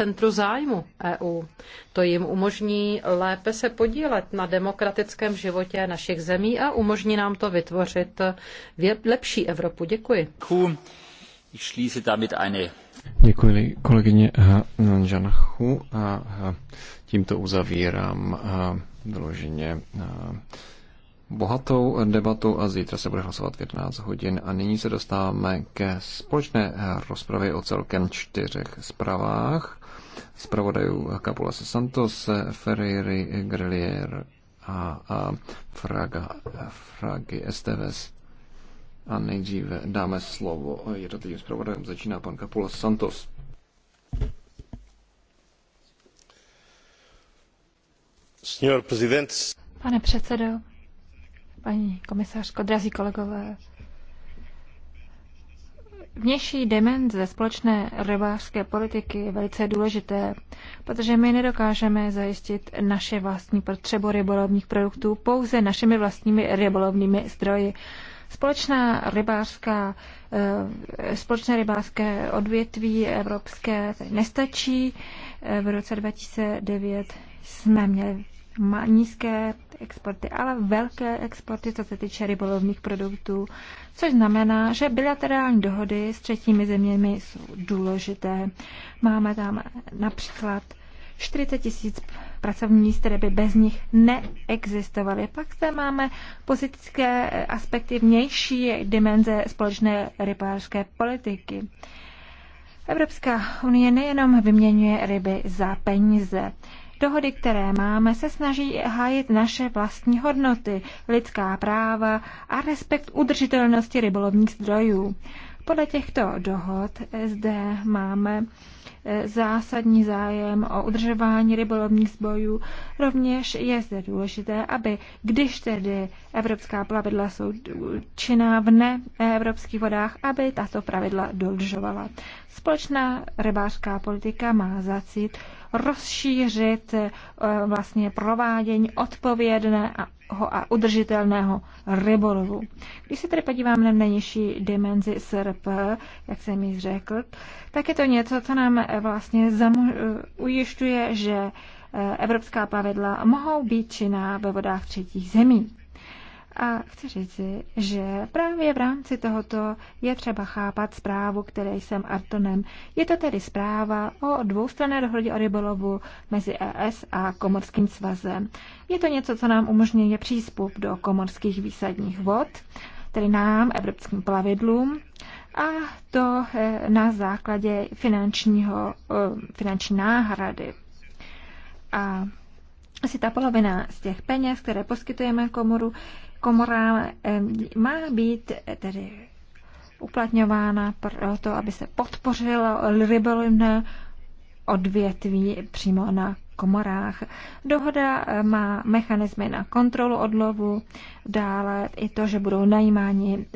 centru zájmu EU. To jim umožní lépe se podílet na demokratickém životě našich zemí a umožní nám to vytvořit lepší Evropu. Děkuji. Děkuji kolegyně Janachu a tímto uzavírám vyloženě bohatou debatu a zítra se bude hlasovat v 11 hodin. A nyní se dostáváme ke společné rozpravě o celkem čtyřech zprávách zpravodajů Capula Santos, Ferreira, Grelier a, a Fraga, fragi Esteves. A nejdříve dáme slovo jednotlivým zpravodajům. Začíná pan Capula Santos. Pane předsedo, paní komisařko, drazí kolegové, Vnější dimenze společné rybářské politiky je velice důležité, protože my nedokážeme zajistit naše vlastní potřebu rybolovních produktů pouze našimi vlastními rybolovnými zdroji. Společná rybářská, eh, společné rybářské odvětví evropské nestačí. Eh, v roce 2009 jsme měli má nízké exporty, ale velké exporty, co se týče rybolovných produktů, což znamená, že bilaterální dohody s třetími zeměmi jsou důležité. Máme tam například 40 tisíc pracovních míst, které by bez nich neexistovaly. Pak zde máme pozitické aspekty vnější dimenze společné rybářské politiky. Evropská unie nejenom vyměňuje ryby za peníze. Dohody, které máme, se snaží hájit naše vlastní hodnoty, lidská práva a respekt udržitelnosti rybolovních zdrojů. Podle těchto dohod zde máme eh, zásadní zájem o udržování rybolovních zbojů. Rovněž je zde důležité, aby když tedy evropská plavidla jsou činná v neevropských vodách, aby tato pravidla dodržovala. Společná rybářská politika má za cíl rozšířit eh, vlastně provádění odpovědného a udržitelného rybolovu. Když se tedy podíváme na nejnižší dimenzi SRP, jak jsem již řekl, tak je to něco, co nám eh, vlastně eh, ujišťuje, že evropská pravidla mohou být činná ve vodách třetích zemí. A chci říci, že právě v rámci tohoto je třeba chápat zprávu, které jsem Artonem. Je to tedy zpráva o dvoustranné dohodě o rybolovu mezi ES a Komorským svazem. Je to něco, co nám umožňuje přístup do komorských výsadních vod, tedy nám, evropským plavidlům, a to eh, na základě finančního, eh, finanční náhrady. A asi ta polovina z těch peněz, které poskytujeme komoru, komora eh, má být eh, tedy uplatňována to, aby se podpořilo rybolovné odvětví přímo na komorách. Dohoda eh, má mechanismy na kontrolu odlovu, dále i to, že budou najímáni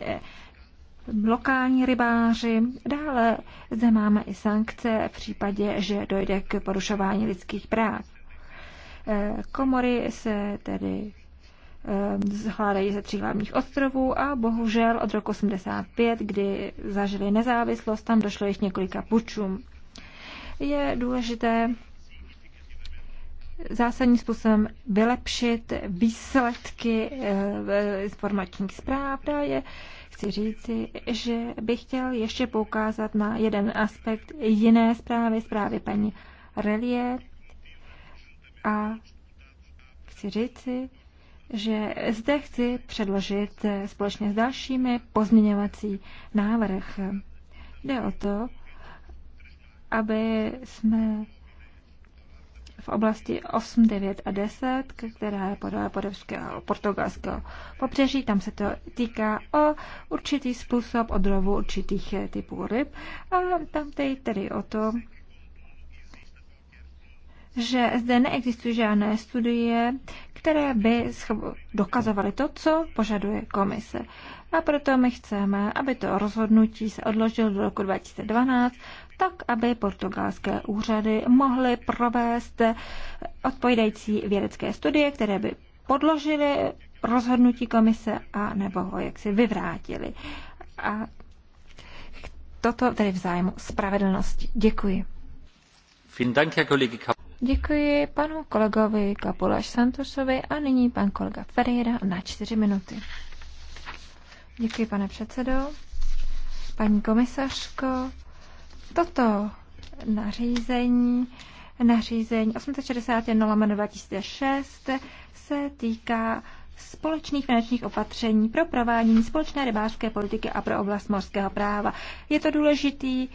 lokální rybáři. Dále zde máme i sankce v případě, že dojde k porušování lidských práv. Komory se tedy skládají eh, ze tří hlavních ostrovů a bohužel od roku 85, kdy zažili nezávislost, tam došlo již několika pučům. Je důležité zásadním způsobem vylepšit výsledky eh, informačních zpráv. A je, chci říci, že bych chtěl ještě poukázat na jeden aspekt jiné zprávy, zprávy paní Relie. A chci říci, že zde chci předložit eh, společně s dalšími pozměňovací návrh. Jde o to, aby jsme v oblasti 8, 9 a 10, která je podle podevského portugalského pobřeží. Tam se to týká o určitý způsob odlovu určitých eh, typů ryb. A tam tedy o to, že zde neexistují žádné studie, které by dokazovaly to, co požaduje komise. A proto my chceme, aby to rozhodnutí se odložilo do roku 2012, tak aby portugalské úřady mohly provést odpovídající vědecké studie, které by podložily rozhodnutí komise a nebo ho jaksi vyvrátili. A toto tedy v zájmu spravedlnosti. Děkuji. Děkuji panu kolegovi Kapulaš Santosovi a nyní pan kolega Ferreira na čtyři minuty. Děkuji, pane předsedo. Paní komisařko, toto nařízení nařízení 861 2006 se týká společných finančních opatření pro provádění společné rybářské politiky a pro oblast morského práva. Je to důležitý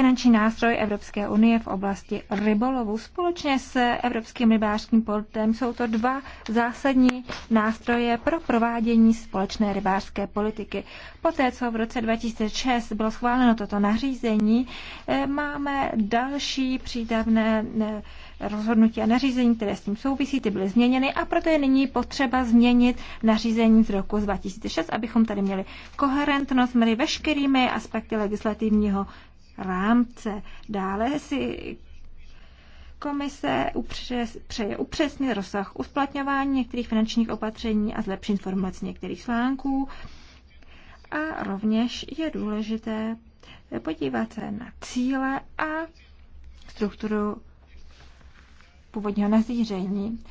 finanční nástroj Evropské unie v oblasti rybolovu. Společně s Evropským rybářským portem jsou to dva zásadní nástroje pro provádění společné rybářské politiky. Poté, co v roce 2006 bylo schváleno toto nařízení, eh, máme další přídavné eh, rozhodnutí a nařízení, které s tím souvisí, ty byly změněny a proto je nyní potřeba změnit nařízení z roku 2006, abychom tady měli koherentnost mezi veškerými aspekty legislativního rámce. Dále si komise upřes, přeje upřesnit rozsah usplatňování některých finančních opatření a zlepšit informace některých slánků. A rovněž je důležité podívat se na cíle a strukturu původního nazíření.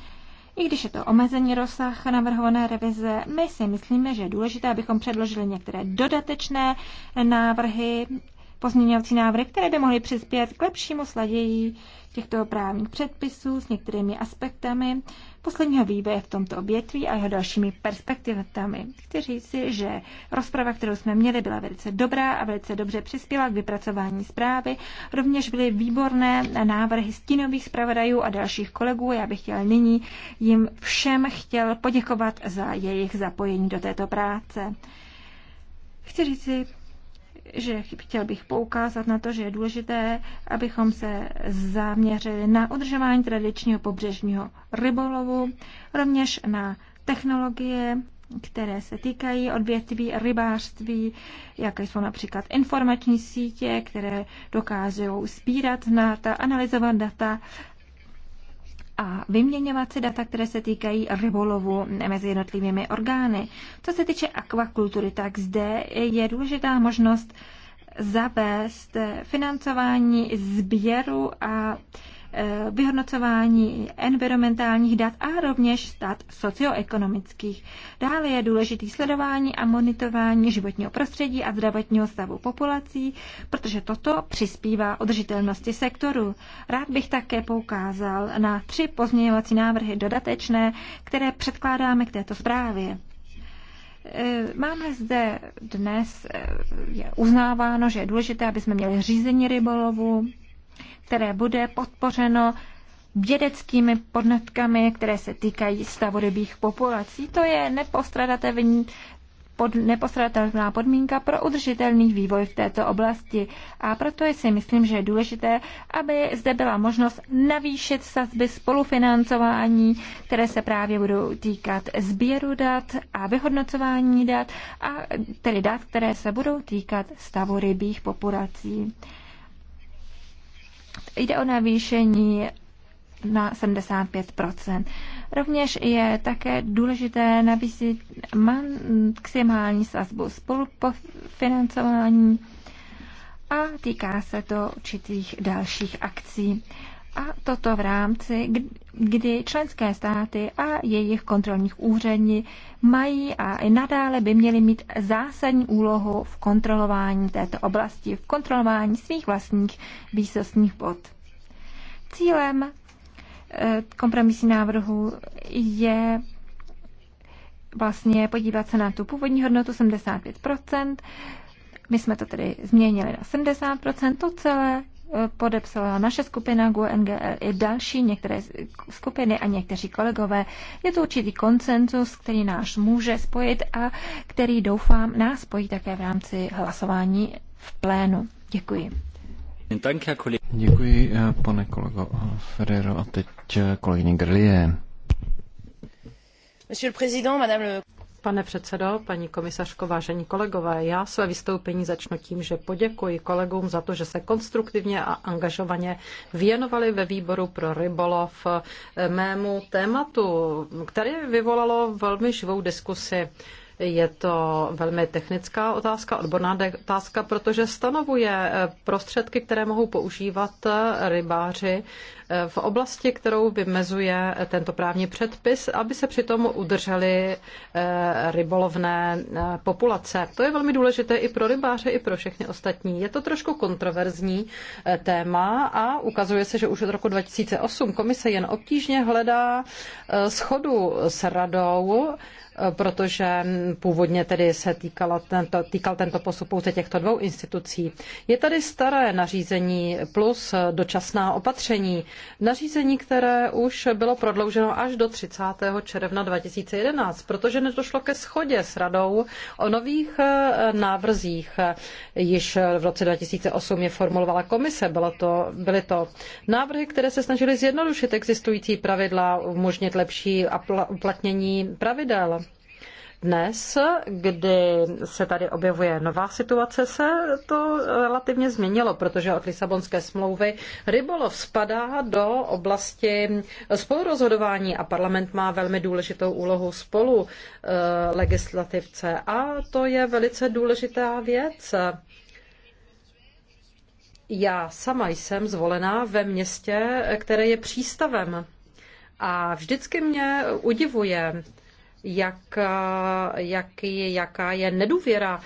I když je to omezení rozsah navrhované revize, my si myslíme, že je důležité, abychom předložili některé dodatečné návrhy pozměňovací návrhy, které by mohly přispět k lepšímu sladění těchto právních předpisů s některými aspektami posledního vývoje v tomto obětví a jeho dalšími perspektivami. Chci si, že rozprava, kterou jsme měli, byla velice dobrá a velice dobře přispěla k vypracování zprávy. Rovněž byly výborné návrhy stínových zpravodajů a dalších kolegů. Já bych chtěl nyní jim všem chtěl poděkovat za jejich zapojení do této práce. Chci si že chtěl bych poukázat na to, že je důležité, abychom se zaměřili na udržování tradičního pobřežního rybolovu, rovněž na technologie, které se týkají odvětví rybářství, jaké jsou například informační sítě, které dokážou sbírat data, analyzovat data a vyměňovat si data, které se týkají rybolovu mezi jednotlivými orgány. Co se týče akvakultury, tak zde je důležitá možnost zavést financování sběru a Eh, vyhodnocování environmentálních dat a rovněž dat socioekonomických. Dále je důležitý sledování a monitorování životního prostředí a zdravotního stavu populací, protože toto přispívá udržitelnosti sektoru. Rád bych také poukázal na tři pozměňovací návrhy dodatečné, které předkládáme k této zprávě. Eh, máme zde dnes, eh, je uznáváno, že je důležité, aby jsme měli řízení rybolovu, které bude podpořeno vědeckými podnetkami, které se týkají stavodobých populací. To je nepostradatelný pod, nepostradatelná podmínka pro udržitelný vývoj v této oblasti. A proto si myslím, že je důležité, aby zde byla možnost navýšit sazby spolufinancování, které se právě budou týkat sběru dat a vyhodnocování dat, a tedy dat, které se budou týkat stavu rybích populací. Jde o navýšení na 75 Rovněž je také důležité navýšit maximální sazbu spolufinancování a týká se to určitých dalších akcí. A toto v rámci, kdy členské státy a jejich kontrolních úřední mají a i nadále by měly mít zásadní úlohu v kontrolování této oblasti, v kontrolování svých vlastních výsostních bod. Cílem eh, kompromisní návrhu je vlastně podívat se na tu původní hodnotu 75 my jsme to tedy změnili na 70%, to celé podepsala naše skupina GUNGL e e i další některé skupiny a někteří kolegové. Je to určitý koncenzus, který nás může spojit a který doufám nás spojí také v rámci hlasování v plénu. Děkuji. Děkuji, eh, pane kolego Ferrero. A teď eh, kolegyně Grlie. Monsieur le Président, Madame le... Pane předsedo, paní komisařko, vážení kolegové, já své vystoupení začnu tím, že poděkuji kolegům za to, že se konstruktivně a angažovaně věnovali ve výboru pro rybolov eh, mému tématu, které vyvolalo velmi živou diskusi. Je to velmi technická otázka, odborná otázka, protože stanovuje eh, prostředky, které mohou používat eh, rybáři eh, v oblasti, kterou vymezuje tento právní předpis, aby se přitom udrželi rybolovné populace. To je velmi důležité i pro rybáře, i pro všechny ostatní. Je to trošku kontroverzní téma a ukazuje se, že už od roku 2008 komise jen obtížně hledá schodu s radou protože původně tedy se týkala tento, týkal tento postup pouze těchto dvou institucí. Je tady staré nařízení plus dočasná opatření. Nařízení, které už bylo prodlouženo až do 30. června 2011, protože nedošlo ke schodě s radou o nových eh, návrzích. Již v roce 2008 je formulovala komise, bylo to, byly to návrhy, které se snažily zjednodušit existující pravidla, umožnit lepší uplatnění pravidel. Dnes, kdy se tady objevuje nová situace, se to relativně změnilo, protože od Lisabonské smlouvy rybolov spadá do oblasti spolurozhodování a parlament má velmi důležitou úlohu spolu eh, legislativce a to je velice důležitá věc. Já sama jsem zvolená ve městě, které je přístavem. A vždycky mě udivuje jak, jak, jaká je nedůvěra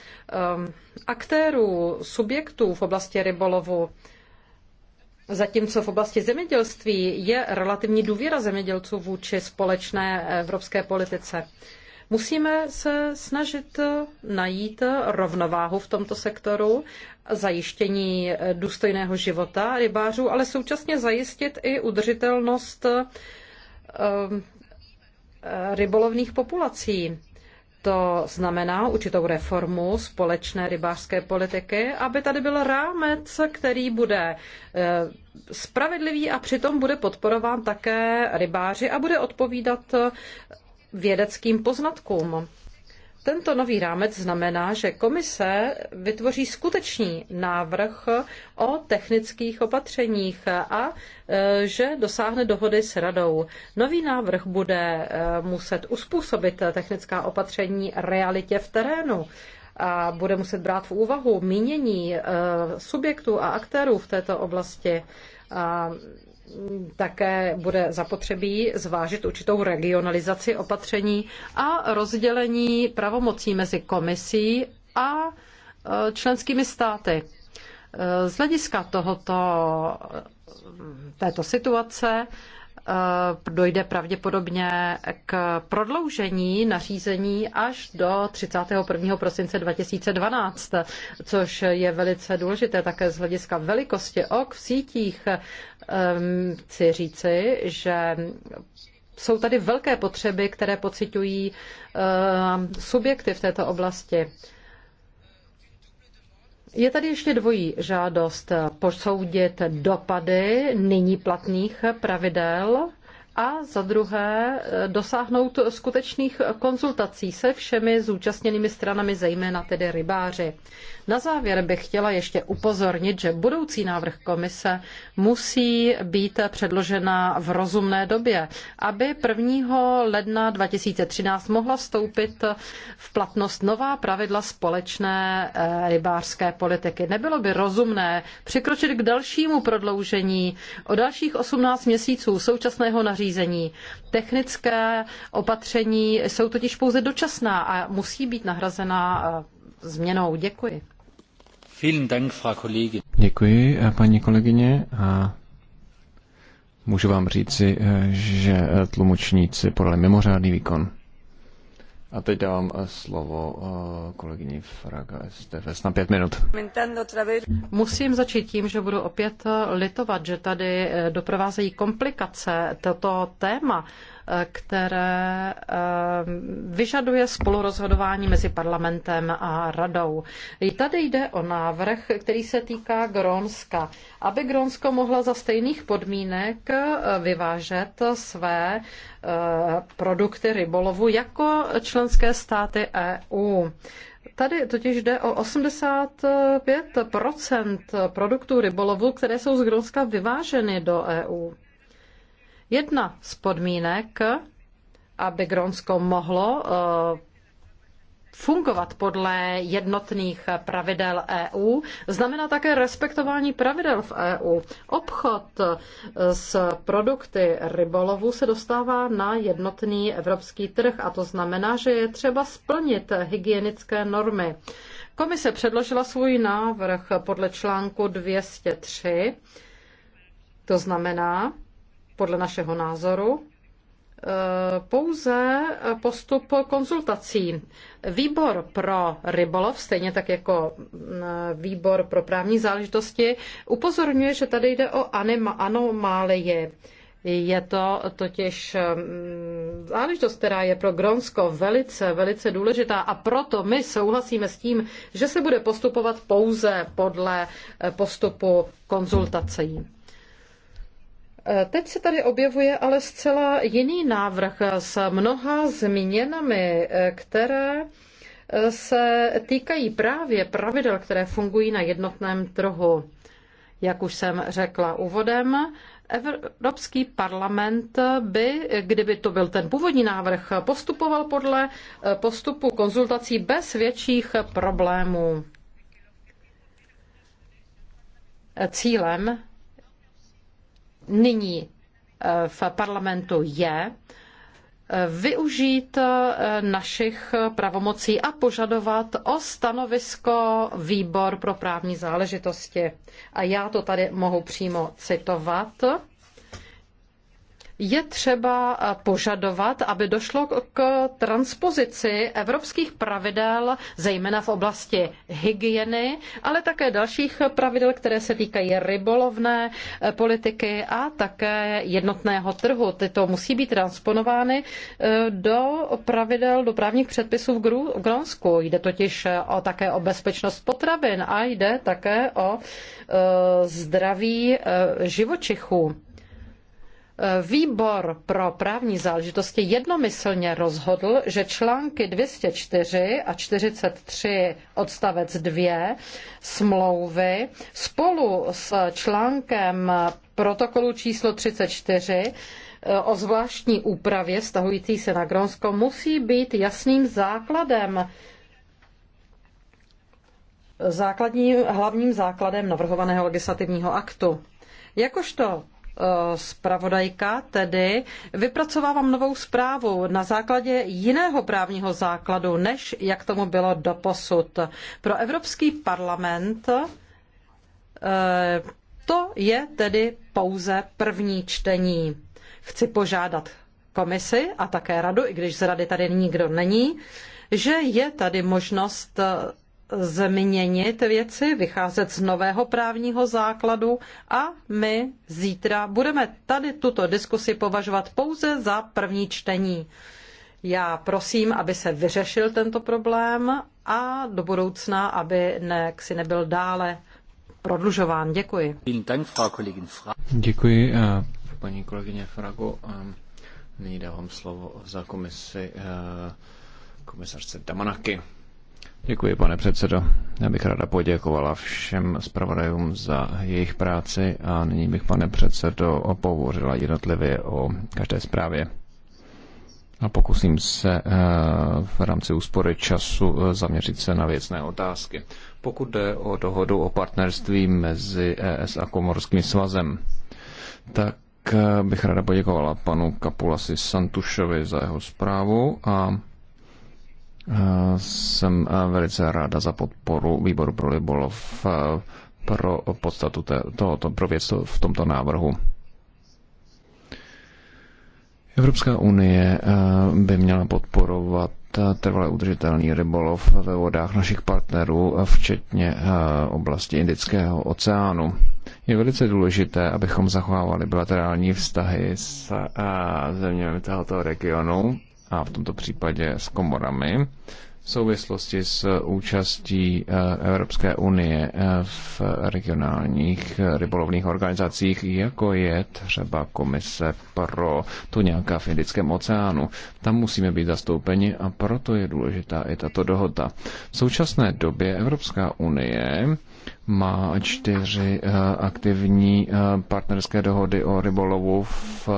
um, aktérů, subjektů v oblasti rybolovu. Zatímco v oblasti zemědělství je relativní důvěra zemědělců vůči společné evropské politice. Musíme se snažit najít rovnováhu v tomto sektoru, zajištění důstojného života rybářů, ale současně zajistit i udržitelnost um, rybolovných populací. To znamená určitou reformu společné rybářské politiky, aby tady byl rámec, který bude eh, spravedlivý a přitom bude podporován také rybáři a bude odpovídat eh, vědeckým poznatkům. Tento nový rámec znamená, že komise vytvoří skutečný návrh o technických opatřeních a e, že dosáhne dohody s radou. Nový návrh bude e, muset uspůsobit technická opatření realitě v terénu a bude muset brát v úvahu mínění e, subjektů a aktérů v této oblasti také bude zapotřebí zvážit určitou regionalizaci opatření a rozdělení pravomocí mezi komisí a e, členskými státy. E, z hlediska tohoto, této situace Eh, dojde pravděpodobně k prodloužení nařízení až do 31. prosince 2012, což je velice důležité také z hlediska velikosti ok v sítích. Ehm, chci říci, že jsou tady velké potřeby, které pocitují ehm, subjekty v této oblasti. Je tady ještě dvojí žádost posoudit dopady nyní platných pravidel a za druhé eh, dosáhnout skutečných konzultací se všemi zúčastněnými stranami, zejména tedy rybáři. Na závěr bych chtěla ještě upozornit, že budoucí návrh komise musí být předložena v rozumné době, aby 1. ledna 2013 mohla vstoupit v platnost nová pravidla společné eh, rybářské politiky. Nebylo by rozumné přikročit k dalšímu prodloužení o dalších 18 měsíců současného nařízení nařízení. Technické opatření jsou totiž pouze dočasná a musí být nahrazena eh, změnou. Děkuji. Děkuji, eh, paní kolegyně. A můžu vám říci, eh, že tlumočníci podali mimořádný výkon. A teď dávám eh, slovo eh, kolegyni Fraga STFS na pět minut. Musím začít tím, že budu opět eh, litovat, že tady doprovázejí komplikace toto téma které eh, vyžaduje spolurozhodování mezi parlamentem a radou. I tady jde o návrh, který se týká Grónska. Aby Grónsko mohlo za stejných podmínek eh, vyvážet své eh, produkty rybolovu jako členské státy EU. Tady totiž jde o 85 produktů rybolovu, které jsou z Grónska vyváženy do EU. Jedna z podmínek, aby Grónsko mohlo eh, fungovat podle jednotných pravidel EU, znamená také respektování pravidel v EU. Obchod eh, s produkty rybolovu se dostává na jednotný evropský trh a to znamená, že je třeba splnit hygienické normy. Komise předložila svůj návrh podle článku 203, to znamená, podle našeho názoru eh, pouze postup konzultací. Výbor pro rybolov, stejně tak jako mm, výbor pro právní záležitosti, upozorňuje, že tady jde o anomálie. Je to totiž mm, záležitost, která je pro Gronsko velice, velice důležitá a proto my souhlasíme s tím, že se bude postupovat pouze podle eh, postupu konzultací. Teď se tady objevuje ale zcela jiný návrh s mnoha změnami, eh, které eh, se týkají právě pravidel, které fungují na jednotném trhu. Jak už jsem řekla úvodem, Evropský parlament by, kdyby to byl ten původní návrh, postupoval podle eh, postupu konzultací bez větších problémů. Cílem nyní eh, v parlamentu je eh, využít eh, našich pravomocí a požadovat o stanovisko výbor pro právní záležitosti. A já to tady mohu přímo citovat je třeba eh, požadovat, aby došlo k transpozici evropských pravidel, zejména v oblasti hygieny, ale také dalších pravidel, které se týkají rybolovné eh, politiky a také jednotného trhu. Tyto musí být transponovány eh, do pravidel, do právních předpisů v Grónsku. Jde totiž o, také o bezpečnost potravin a jde také o zdraví živočichů. Výbor pro právní záležitosti jednomyslně rozhodl, že články 204 a 43 odstavec 2 smlouvy spolu s článkem protokolu číslo 34 eh, o zvláštní úpravě vztahující se na Grónsko musí být jasným základem základním, hlavním základem navrhovaného legislativního aktu. Jakožto spravodajka eh, tedy vypracovávám novou zprávu na základě jiného právního základu, než jak tomu bylo doposud. Pro Evropský parlament eh, to je tedy pouze první čtení. Chci požádat komisi a také radu, i když z rady tady nikdo není, že je tady možnost změnit věci, vycházet z nového právního základu a my zítra budeme tady tuto diskusi považovat pouze za první čtení. Já prosím, aby se vyřešil tento problém a do budoucna, aby ne, si nebyl dále prodlužován. Děkuji. Děkuji, eh, paní kolegyně Frago. Ehm, nyní dávám slovo za komisi eh, komisařce Damanaky. Děkuji, pane předsedo. Já bych ráda poděkovala všem zpravodajům za jejich práci a nyní bych, pane předsedo, opovořila jednotlivě o každé zprávě. A pokusím se eh, v rámci úspory času eh, zaměřit se na věcné otázky. Pokud jde o dohodu o partnerství mezi ES a Komorským svazem, tak eh, bych ráda poděkovala panu Kapulasi Santušovi za jeho zprávu a jsem eh, velice ráda za podporu výboru pro Libolov eh, pro podstatu tohoto, pro věc v tomto návrhu. Evropská unie eh, by měla podporovat trvale udržitelný rybolov ve vodách našich partnerů, včetně oblasti Indického oceánu. Je velice důležité, abychom zachovávali bilaterální vztahy s zeměmi tohoto regionu a v tomto případě s komorami v souvislosti s účastí eh, Evropské unie eh, v regionálních eh, rybolovných organizacích, jako je třeba Komise pro to nějaká v Indickém oceánu. Tam musíme být zastoupeni a proto je důležitá i tato dohoda. V současné době Evropská unie má čtyři eh, aktivní eh, partnerské dohody o rybolovu v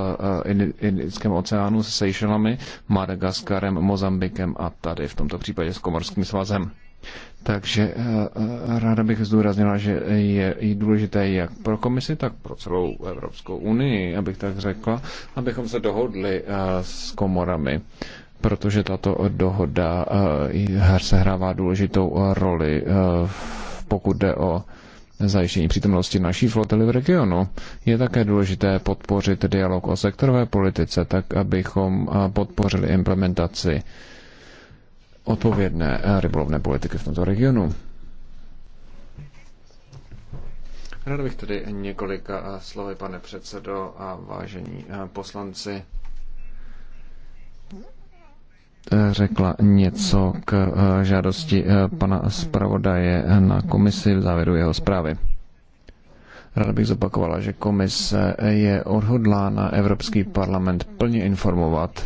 eh, Indickém oceánu se Seychellami, Madagaskarem, Mozambikem a tady v tomto případě s Komorským svazem. Takže ráda bych zdůraznila, že je i důležité jak pro komisi, tak pro celou Evropskou unii, abych tak řekla, abychom se dohodli s komorami protože tato dohoda sehrává důležitou roli v pokud jde o zajištění přítomnosti naší flotily v regionu. Je také důležité podpořit dialog o sektorové politice, tak abychom podpořili implementaci odpovědné rybolovné politiky v tomto regionu. Rád bych tedy několika slovy, pane předsedo a vážení poslanci, řekla něco k eh, žádosti eh, pana zpravodaje na komisi v závěru jeho zprávy. Ráda bych zopakovala, že komise je odhodlána Evropský parlament plně informovat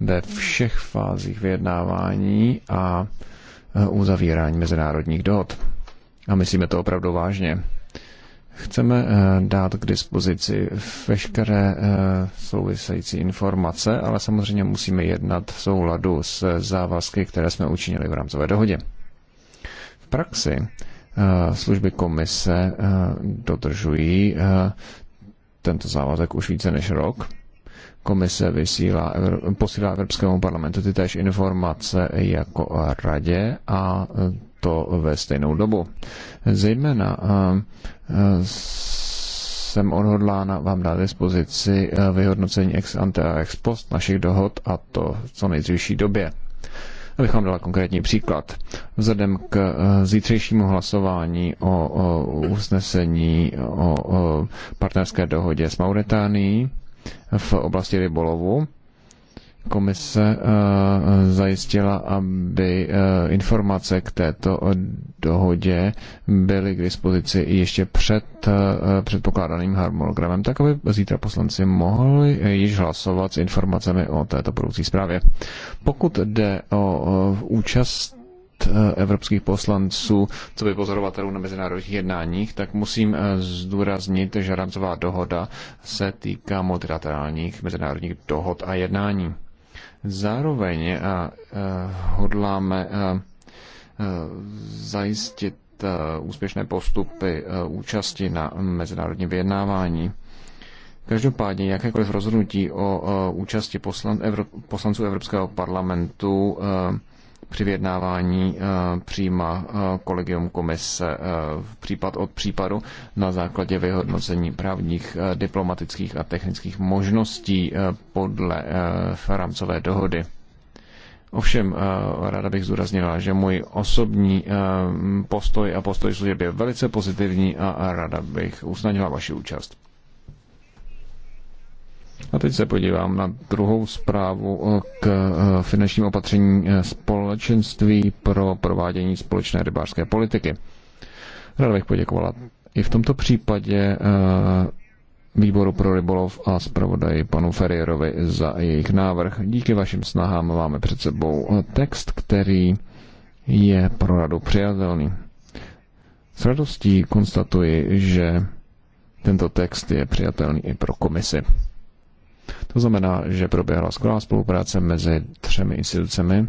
ve všech fázích vyjednávání a eh, uzavírání mezinárodních dohod. A myslíme to opravdu vážně. Chceme eh, dát k dispozici veškeré eh, související informace, ale samozřejmě musíme jednat v souladu s závazky, které jsme učinili v rámcové dohodě. V praxi eh, služby komise dodržují tento závazek už více než rok. Komise vysílá, posílá Evropskému parlamentu tytéž informace jako radě a to ve stejnou dobu. Zejména jsem odhodlána vám dát dispozici vyhodnocení ex ante a ex post našich dohod a to v co nejdřívší době. Abych vám dala konkrétní příklad. Vzhledem k zítřejšímu hlasování o, o usnesení o, o partnerské dohodě s Mauritánií v oblasti rybolovu, komise eh, zajistila, aby eh, informace k této eh, dohodě byly k dispozici ještě před předpokládaným harmonogramem, tak aby zítra poslanci mohli již hlasovat s informacemi o této budoucí zprávě. Pokud jde o účast evropských poslanců, co by pozorovatelů na mezinárodních jednáních, tak musím zdůraznit, že rámcová dohoda se týká multilaterálních mezinárodních dohod a jednání. Zároveň eh, hodláme eh, eh, zajistit úspěšné postupy účasti na mezinárodní vyjednávání. Každopádně jakékoliv rozhodnutí o účasti poslanců Evropského parlamentu při vyjednávání eh, přijíma eh, kolegium komise eh, případ od případu na základě vyhodnocení právních, diplomatických a technických možností podle rámcové dohody. Ovšem, ráda bych zdůraznila, že můj osobní postoj a postoj služeb je velice pozitivní a ráda bych usnadnila vaši účast. A teď se podívám na druhou zprávu eh, k eh, finančním opatření eh, společenství pro provádění společné rybářské politiky. Ráda bych poděkovala i v tomto případě výboru pro rybolov a zpravodaji panu Ferrierovi za jejich návrh. Díky vašim snahám máme před sebou text, který je pro radu přijatelný. S radostí konstatuji, že tento text je přijatelný i pro komisi. To znamená, že proběhla skvělá spolupráce mezi třemi institucemi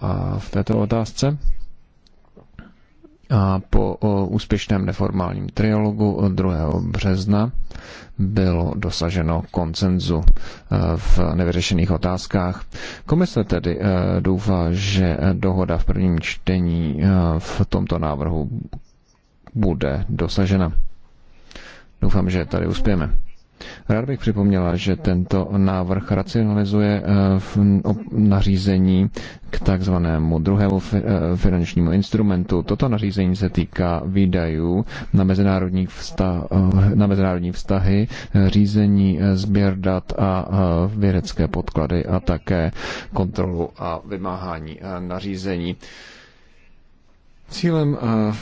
a v této otázce. A po úspěšném neformálním trialogu 2. března bylo dosaženo koncenzu e, v nevyřešených otázkách. Komise tedy e, doufá, že dohoda v prvním čtení e, v tomto návrhu bude dosažena. Doufám, že tady uspějeme. Rád bych připomněla, že tento návrh racionalizuje eh, v nařízení k takzvanému druhému eh, finančnímu instrumentu. Toto nařízení se týká výdajů na mezinárodní, vztah, eh, na mezinárodní vztahy, řízení sběr dat a vědecké podklady a také kontrolu a vymáhání nařízení. Cílem eh,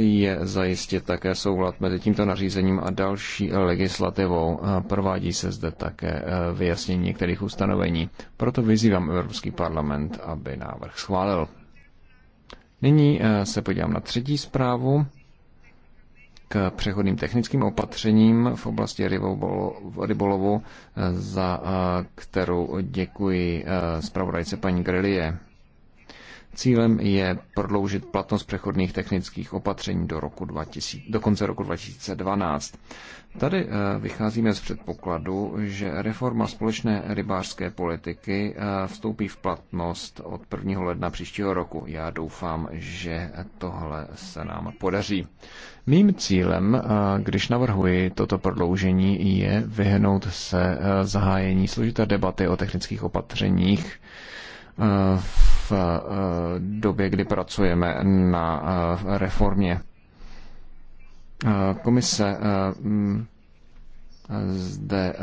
je zajistit také souhlad mezi tímto nařízením a další legislativou. Eh, provádí se zde také eh, vyjasnění některých ustanovení. Proto vyzývám Evropský parlament, aby návrh schválil. Nyní se podívám na třetí zprávu k přechodným technickým opatřením v oblasti rybolovu, za kterou děkuji zpravodajce paní Grelie. Cílem je prodloužit platnost přechodných technických opatření do, roku 2000, do konce roku 2012. Tady eh, vycházíme z předpokladu, že reforma společné rybářské politiky eh, vstoupí v platnost od 1. ledna příštího roku. Já doufám, že tohle se nám podaří. Mým cílem, eh, když navrhuji toto prodloužení, je vyhnout se zahájení složité debaty o technických opatřeních v v eh, době, kdy pracujeme na eh, reformě. Eh, komise mm, zde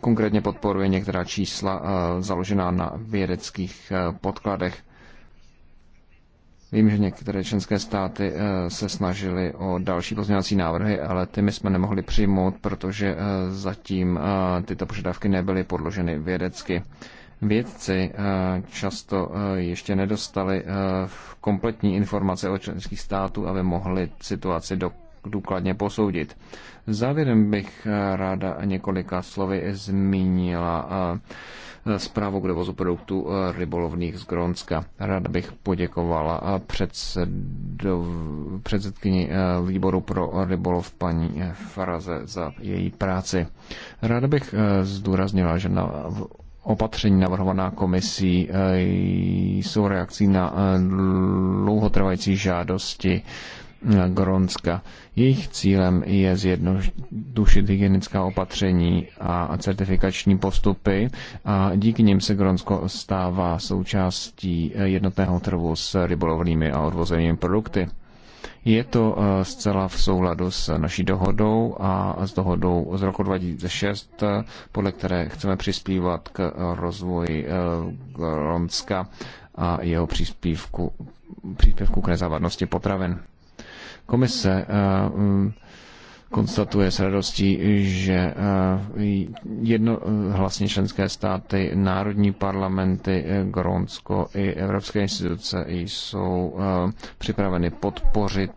konkrétně podporuje některá čísla založená na vědeckých podkladech. Vím, že některé členské státy se snažily o další pozměňovací návrhy, ale ty my jsme nemohli přijmout, protože zatím tyto požadavky nebyly podloženy vědecky vědci eh, často eh, ještě nedostali eh, kompletní informace o členských států, aby mohli situaci do důkladně posoudit. Závěrem bych ráda několika slovy zmínila zprávu k dovozu produktů rybolovných z Grónska. Ráda bych poděkovala předsedkyni výboru pro rybolov paní Faraze za její práci. Ráda bych zdůraznila, že na opatření navrhovaná komisí eh, jsou reakcí na eh, dlouhotrvající žádosti eh, Gronska. Jejich cílem je zjednodušit hygienická opatření a certifikační postupy a díky nim se Gronsko stává součástí jednotného trhu s rybolovnými a odvozenými produkty. Je to eh, zcela v souladu s naší dohodou a s dohodou z roku 2006, eh, podle které chceme přispívat k rozvoji eh, Ronska a jeho příspěvku, příspěvku k nezávadnosti potravin. Komise konstatuje s radostí, že eh, jednohlasně eh, členské státy, národní parlamenty, eh, Grónsko i evropské instituce jsou připraveny podpořit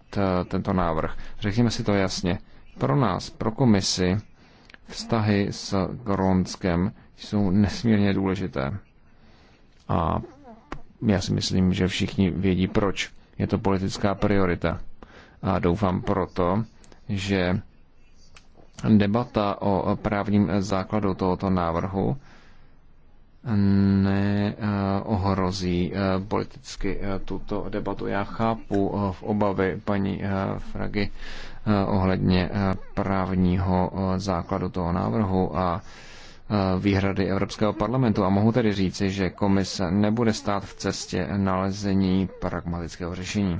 tento návrh. Řekněme si to jasně. Pro nás, pro komisi, vztahy s Grónskem jsou nesmírně důležité. A já si myslím, že všichni vědí proč. Je to politická priorita. A doufám proto, že debata o právním základu tohoto návrhu neohrozí eh, politicky eh, tuto debatu. Já chápu eh, v obavy paní Fragy ohledně právního základu toho návrhu a výhrady Evropského parlamentu a mohu tedy říci, že komise nebude stát v cestě nalezení pragmatického řešení.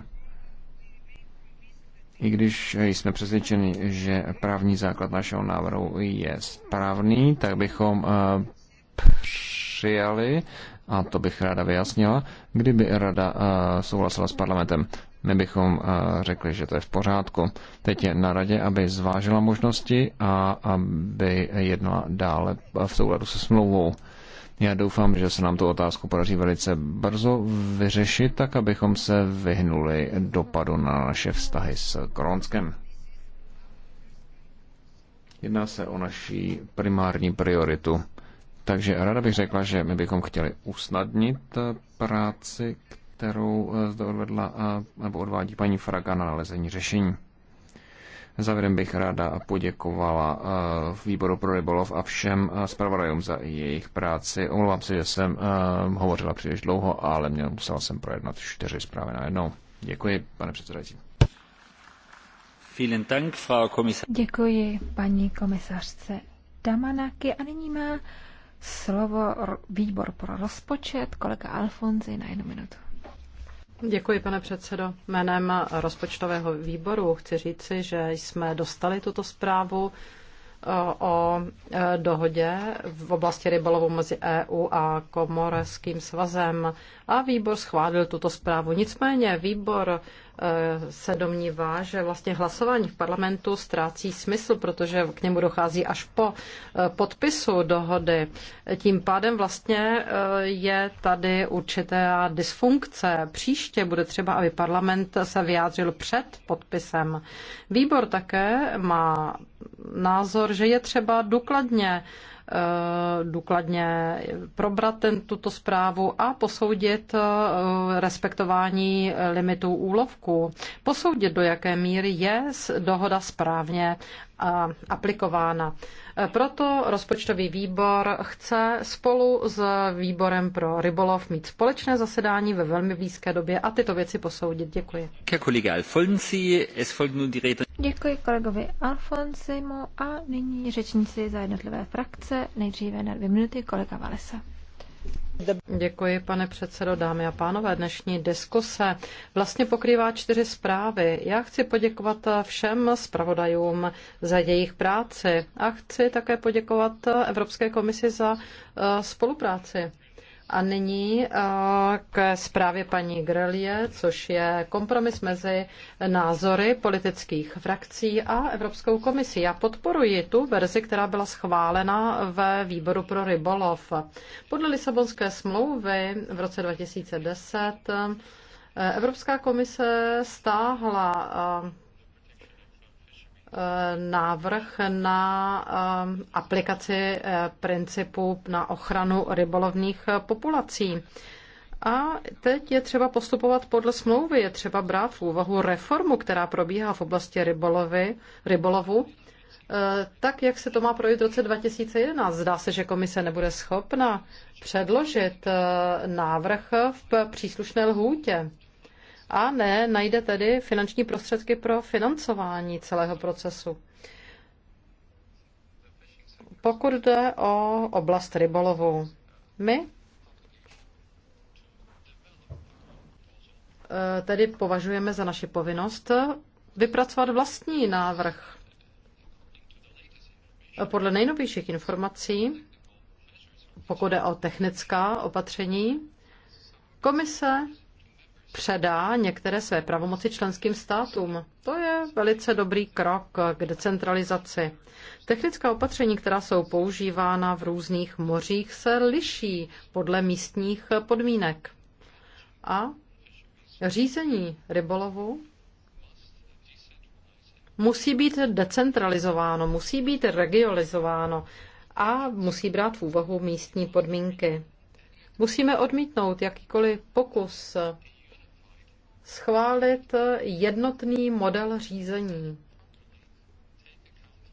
I když jsme přesvědčeni, že právní základ našeho návrhu je správný, tak bychom eh, přijali, a to bych ráda vyjasnila, kdyby rada eh, souhlasila s parlamentem. My bychom eh, řekli, že to je v pořádku. Teď je na radě, aby zvážila možnosti a aby jednala dále v souladu se smlouvou. Já doufám, že se nám tu otázku podaří velice brzo vyřešit, tak abychom se vyhnuli dopadu na naše vztahy s Kronskem. Jedná se o naší primární prioritu. Takže ráda bych řekla, že my bychom chtěli usnadnit práci, kterou zde odvedla nebo odvádí paní Fraga na nalezení řešení. Závěrem bych ráda poděkovala eh, výboru pro rybolov a všem eh, zpravodajům za jejich práci. Omlouvám se, že jsem eh, hovořila příliš dlouho, ale měl, musela jsem projednat čtyři zprávy na jednou. Děkuji, pane předsedající. Děkuji paní komisařce Damanaky a nyní má slovo výbor pro rozpočet, kolega Alfonzi na jednu minutu. Děkuji, pane předsedo. Jménem rozpočtového výboru chci říci, že jsme dostali tuto zprávu o e, dohodě v oblasti rybolovu mezi EU a Komorským svazem a výbor schválil tuto zprávu. Nicméně výbor e, se domnívá, že vlastně hlasování v parlamentu ztrácí smysl, protože k němu dochází až po e, podpisu dohody. Tím pádem vlastně je tady určitá dysfunkce. Příště bude třeba, aby parlament se vyjádřil před podpisem. Výbor také má názor, názor, že je třeba důkladně eh, důkladně probrat ten, tuto zprávu a posoudit eh, respektování limitů úlovku. Posoudit, do jaké míry je dohoda správně eh, aplikována. Proto rozpočtový výbor chce spolu s výborem pro rybolov mít společné zasedání ve velmi blízké době a tyto věci posoudit. Děkuji. Děkuji kolegovi Alfonsimu a nyní řečníci za jednotlivé frakce. Nejdříve na dvě minuty kolega Valesa. Děkuji, pane předsedo, dámy a pánové. Dnešní diskuse vlastně pokrývá čtyři zprávy. Já chci poděkovat všem zpravodajům za jejich práci a chci také poděkovat Evropské komisi za eh, spolupráci. A nyní eh, k zprávě paní Grelie, což je kompromis mezi názory politických frakcí a Evropskou komisí. Já podporuji tu verzi, která byla schválena ve výboru pro rybolov. Podle Lisabonské smlouvy v roce 2010 eh, Evropská komise stáhla eh, Eh, návrh na eh, aplikaci eh, principu na ochranu rybolovných populací. A teď je třeba postupovat podle smlouvy, je třeba brát v úvahu reformu, která probíhá v oblasti rybolovy, rybolovu, tak jak se to má projít v roce 2011. Zdá se, že komise nebude schopna předložit návrh v příslušné lhůtě a ne, najde tedy finanční prostředky pro financování celého procesu. Pokud jde o oblast rybolovu, my eh, tedy považujeme za naši povinnost vypracovat vlastní návrh. Podle nejnovějších informací, pokud jde o technická opatření, komise předá některé své pravomoci členským státům. To je velice dobrý krok k decentralizaci. Technická opatření, která jsou používána v různých mořích, se liší podle místních podmínek. A řízení rybolovu musí být decentralizováno, musí být regionalizováno a musí brát v úvahu místní podmínky. Musíme odmítnout jakýkoliv pokus schválit jednotný model řízení.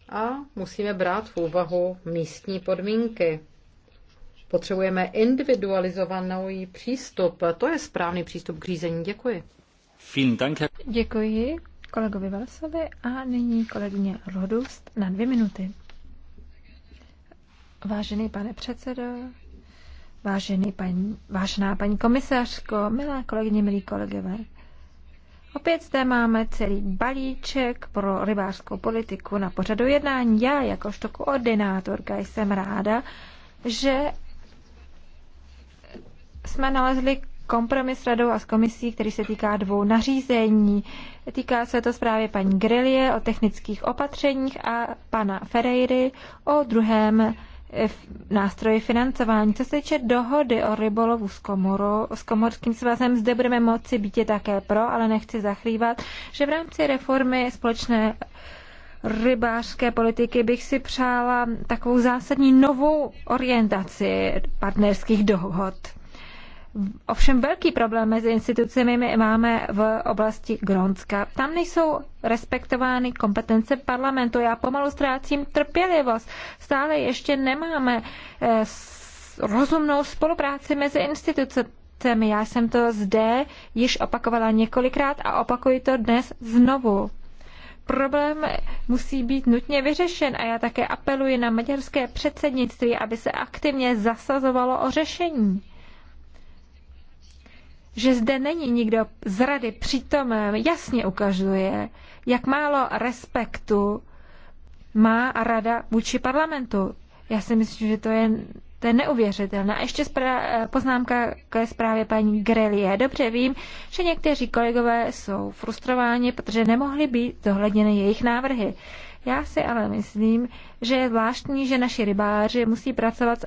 A musíme brát v úvahu místní podmínky. Potřebujeme individualizovaný přístup. To je správný přístup k řízení. Děkuji. Děkuji kolegovi Velsovi a nyní kolegyně Rodust na dvě minuty. Vážený pane předsedo, vážený paní, vážená paní komisařko, milá kolegyně, milí kolegové, Opět zde máme celý balíček pro rybářskou politiku na pořadu jednání. Já jakožto koordinátorka jsem ráda, že jsme nalezli kompromis s radou a s komisí, který se týká dvou nařízení. Týká se to zprávě paní Grelie o technických opatřeních a pana Ferreiry o druhém Eh, nástroje financování. Co se týče dohody o rybolovu s, komoru, s komorským svazem, zde budeme moci být je také pro, ale nechci zachrývat, že v rámci reformy společné rybářské politiky bych si přála takovou zásadní novou orientaci partnerských dohod. Ovšem velký problém mezi institucemi my máme v oblasti Grónska. Tam nejsou respektovány kompetence parlamentu. Já pomalu ztrácím trpělivost. Stále ještě nemáme eh, rozumnou spolupráci mezi institucemi. Já jsem to zde již opakovala několikrát a opakuji to dnes znovu problém musí být nutně vyřešen a já také apeluji na maďarské předsednictví, aby se aktivně zasazovalo o řešení že zde není nikdo z rady přítomen, jasně ukazuje, jak málo respektu má rada vůči parlamentu. Já si myslím, že to je, to je neuvěřitelné. A ještě poznámka ke zprávě paní Grelie. Dobře vím, že někteří kolegové jsou frustrováni, protože nemohly být zohledněny jejich návrhy. Já si ale myslím, že je zvláštní, že naši rybáři musí pracovat s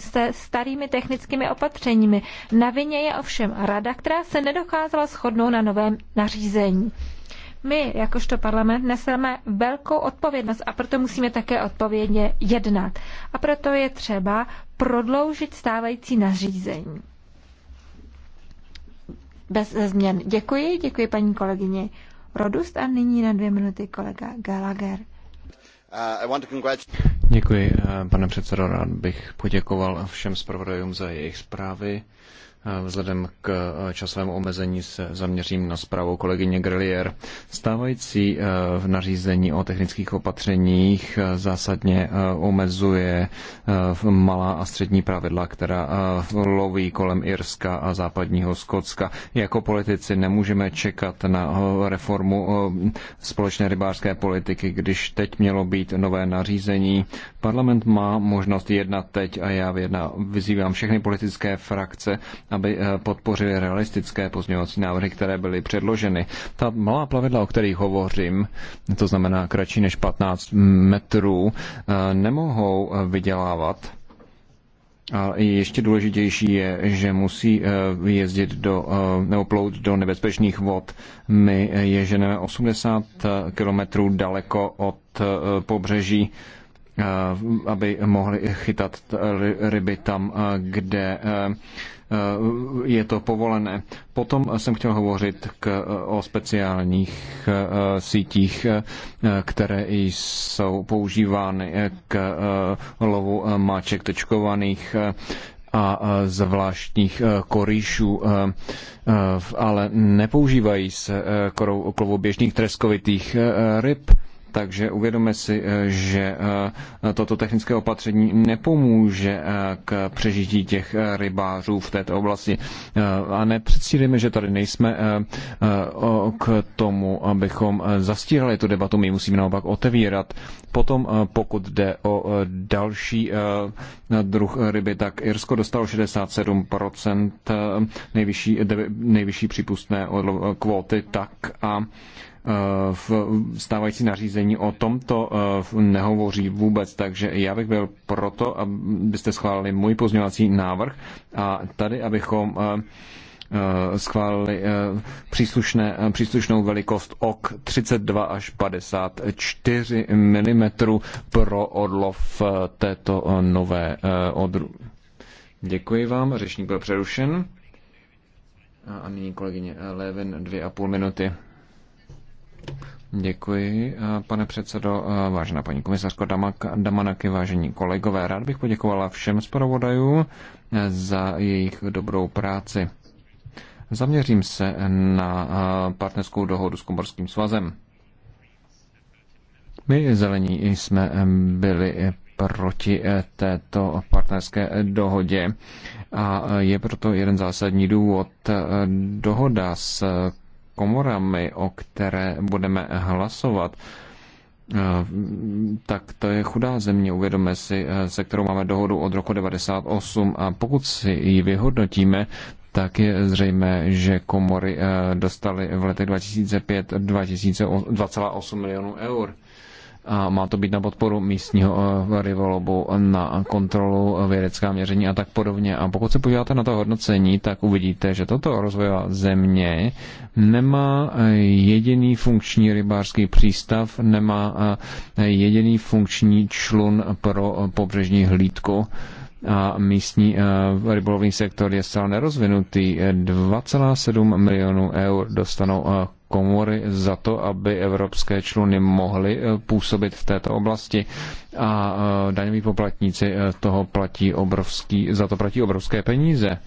se starými technickými opatřeními. Na vině je ovšem rada, která se nedokázala shodnout na novém nařízení. My, jakožto parlament, neseme velkou odpovědnost a proto musíme také odpovědně jednat. A proto je třeba prodloužit stávající nařízení. Bez změn. Děkuji, děkuji paní kolegyně Rodust a nyní na dvě minuty kolega Gallagher. Uh, Děkuji, eh, pane předsedo. Rád bych poděkoval všem zpravodajům za jejich zprávy. Vzhledem k eh, časovému omezení se zaměřím na zprávu kolegyně Grelier. Stávající v eh, nařízení o technických opatřeních eh, zásadně omezuje malá a střední pravidla, která loví kolem Irska a západního Skotska. Jako politici nemůžeme čekat na reformu společné rybářské politiky, když teď mělo být nové nařízení. Parlament má možnost jednat teď a já vyzývám všechny politické frakce, aby eh, podpořili realistické pozměňovací návrhy, které byly předloženy. Ta malá plavidla, o kterých hovořím, to znamená kratší než 15 metrů, eh, nemohou eh, vydělávat a ještě důležitější je, že musí vyjezdit do, nebo plout do nebezpečných vod. My je ženeme 80 kilometrů daleko od pobřeží, aby mohli chytat ryby tam, kde Eh, je to povolené. Potom jsem chtěl hovořit k, eh, o speciálních eh, sítích, které jsou používány k lovu máček tečkovaných a zvláštních korýšů, ale nepoužívají se kolovou běžných treskovitých ryb takže uvědomme si, eh, že eh, toto technické opatření nepomůže eh, k přežití těch rybářů v této oblasti. A nepředstírejme, že tady nejsme k tomu, abychom zastírali tu debatu. My musíme naopak otevírat. Potom, pokud jde o další druh ryby, tak Irsko dostalo 67% nejvyšší, nejvyšší přípustné kvóty tak a v stávající nařízení o tomto eh, nehovoří vůbec, takže já bych byl proto, abyste schválili můj pozměňovací návrh a tady, abychom eh, eh, schválili příslušné, příslušnou velikost ok 32 až 54 mm pro odlov této nové odru. Děkuji vám, řečník byl přerušen. A nyní kolegyně Levin dvě a půl minuty. Děkuji, eh, pane předsedo, eh, vážená paní komisařko Damanaky, vážení kolegové. Rád bych poděkovala všem zpravodajům eh, za jejich dobrou práci. Zaměřím se na partnerskou dohodu s Komorským svazem. My zelení jsme byli proti této partnerské dohodě a je proto jeden zásadní důvod. Dohoda s komorami, o které budeme hlasovat, eh, tak to je chudá země, uvědomme si, eh, se kterou máme dohodu od roku 98 a pokud si ji vyhodnotíme, tak je zřejmé, že komory eh, dostaly v letech 2005 2,8 milionů eur a má to být na podporu místního eh, rivolobu, na kontrolu vědecká měření a tak podobně. A pokud se podíváte na to hodnocení, tak uvidíte, že toto rozvojová země nemá eh, jediný funkční rybářský přístav, nemá eh, jediný funkční člun pro pobřežní hlídku a místní rybolovní sektor je zcela nerozvinutý. 2,7 milionů eur dostanou komory za to, aby evropské čluny mohly eh, působit v této oblasti a eh, daňoví poplatníci eh, toho platí obrovský, za to platí obrovské peníze.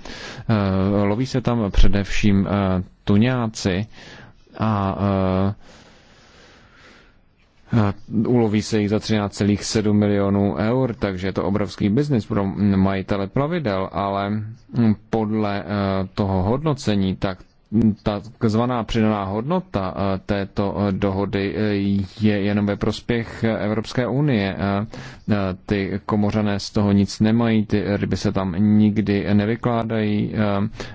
Loví se tam především tuňáci a Uloví se jich za 13,7 milionů eur, takže je to obrovský biznis pro majitele plavidel, ale podle toho hodnocení, tak takzvaná přidaná hodnota eh, této eh, dohody eh, je jenom ve prospěch Evropské unie. Ty komořané z toho nic nemají, ty ryby se tam nikdy nevykládají,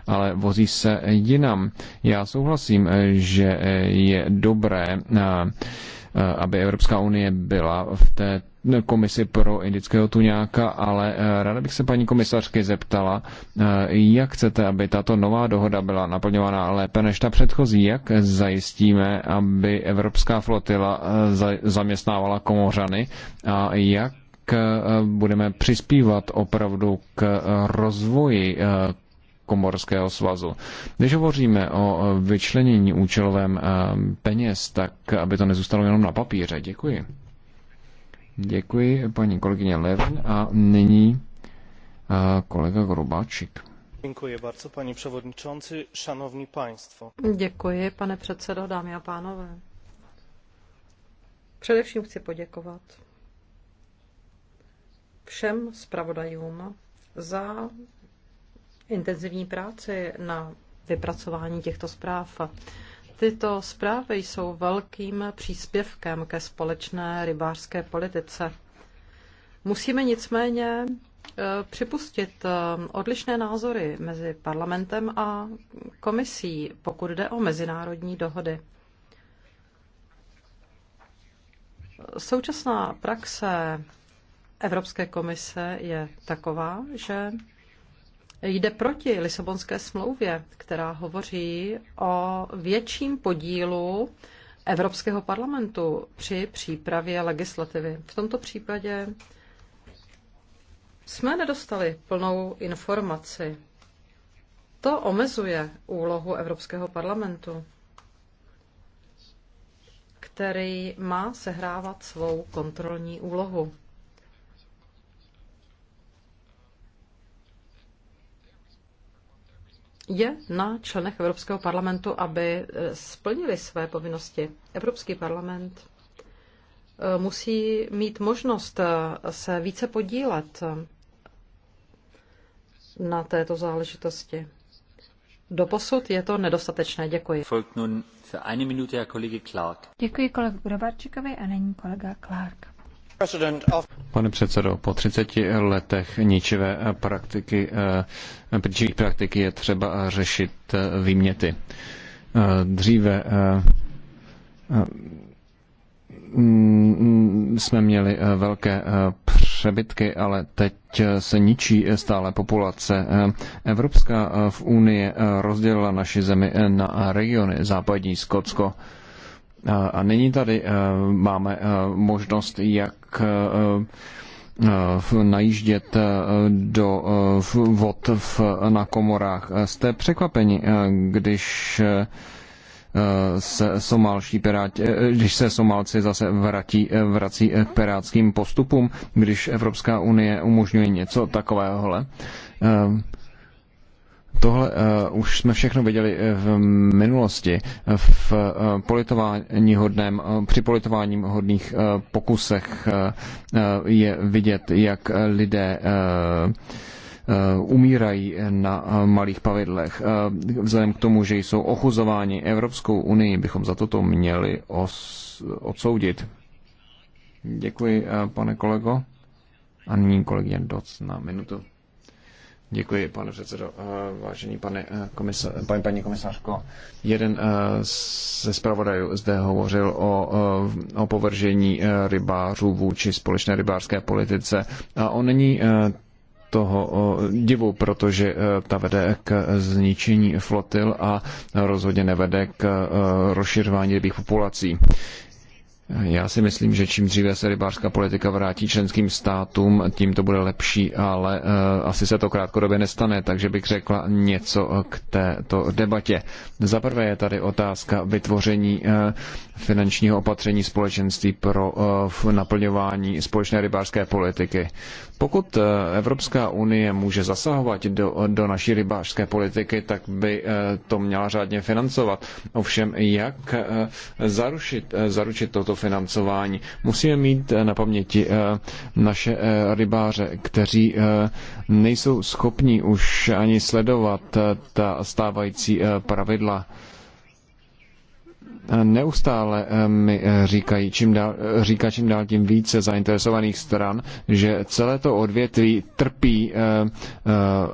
ale vozí se jinam. Já souhlasím, že je dobré aby Evropská unie byla v té komisi pro indického tuňáka, ale eh, ráda bych se paní komisařky zeptala, eh, jak chcete, aby tato nová dohoda byla naplňována lépe než ta předchozí. Jak zajistíme, aby evropská flotila eh, zaměstnávala komořany a jak budeme přispívat opravdu k rozvoji komorského svazu. Když hovoříme o vyčlenění účelovém peněz, tak aby to nezůstalo jenom na papíře. Děkuji. Děkuji paní kolegyně Levin a nyní eh, kolega Grubáčik. Děkuji bardzo, paní převodničonci, šanovní państwo. Děkuji, pane předsedo, dámy a pánové. Především chci poděkovat všem zpravodajům za intenzivní práci na vypracování těchto zpráv. Tyto zprávy jsou velkým příspěvkem ke společné rybářské politice. Musíme nicméně e, připustit e, odlišné názory mezi parlamentem a komisí, pokud jde o mezinárodní dohody. Současná praxe Evropské komise je taková, že jde proti Lisabonské smlouvě, která hovoří o větším podílu Evropského parlamentu při přípravě legislativy. V tomto případě jsme nedostali plnou informaci. To omezuje úlohu Evropského parlamentu, který má sehrávat svou kontrolní úlohu. je na členech Evropského parlamentu, aby e, splnili své povinnosti. Evropský parlament e, musí mít možnost e, se více podílet na této záležitosti. Doposud je to nedostatečné. Děkuji. Děkuji kolegu Grobarčíkovi a není kolega Clark. Pane předsedo, po 30 letech ničivé praktiky, ničivých eh, praktik je třeba řešit eh, výměty. Eh, dříve jsme měli velké přebytky, ale teď se ničí stále populace. Evropská v Unie rozdělila naši zemi na regiony, západní Skotsko, a nyní tady eh, máme eh, možnost, jak eh, najíždět do vod na komorách. Jste překvapeni, když se somálští piráti, když se Somálci zase vratí, vrací k pirátským postupům, když Evropská unie umožňuje něco takového. Tohle uh, už jsme všechno viděli eh, v minulosti, eh, v uh, politování hodném, uh, při politování hodných uh, pokusech uh, uh, je vidět, jak lidé uh, umírají na malých pavidlech. Vzhledem k tomu, že jsou ochuzováni Evropskou unii, bychom za toto měli os- odsoudit. Děkuji, pane kolego. A nyní kolegyně Doc na minutu. Děkuji, pane předsedo. Eh, vážený pane eh, komisa, paní, paní komisařko, jeden eh, ze zpravodajů zde hovořil o, o povržení rybářů vůči společné rybářské politice a on není toho divu, protože ta vede k zničení flotil a rozhodně nevede k rozšiřování rybích populací. Já si myslím, že čím dříve se rybářská politika vrátí členským státům, tím to bude lepší, ale uh, asi se to krátkodobě nestane, takže bych řekla něco k této debatě. Za prvé je tady otázka vytvoření uh, finančního opatření společenství pro uh, naplňování společné rybářské politiky. Pokud eh, Evropská unie může zasahovat do, do naší rybářské politiky, tak by eh, to měla řádně financovat. Ovšem, jak eh, zarušit, zaručit toto financování? Musíme mít na paměti naše rybáře, kteří nejsou schopni už ani sledovat ta stávající pravidla neustále eh, mi eh, říkají, čím dál, eh, říká čím dál tím více zainteresovaných stran, že celé to odvětví trpí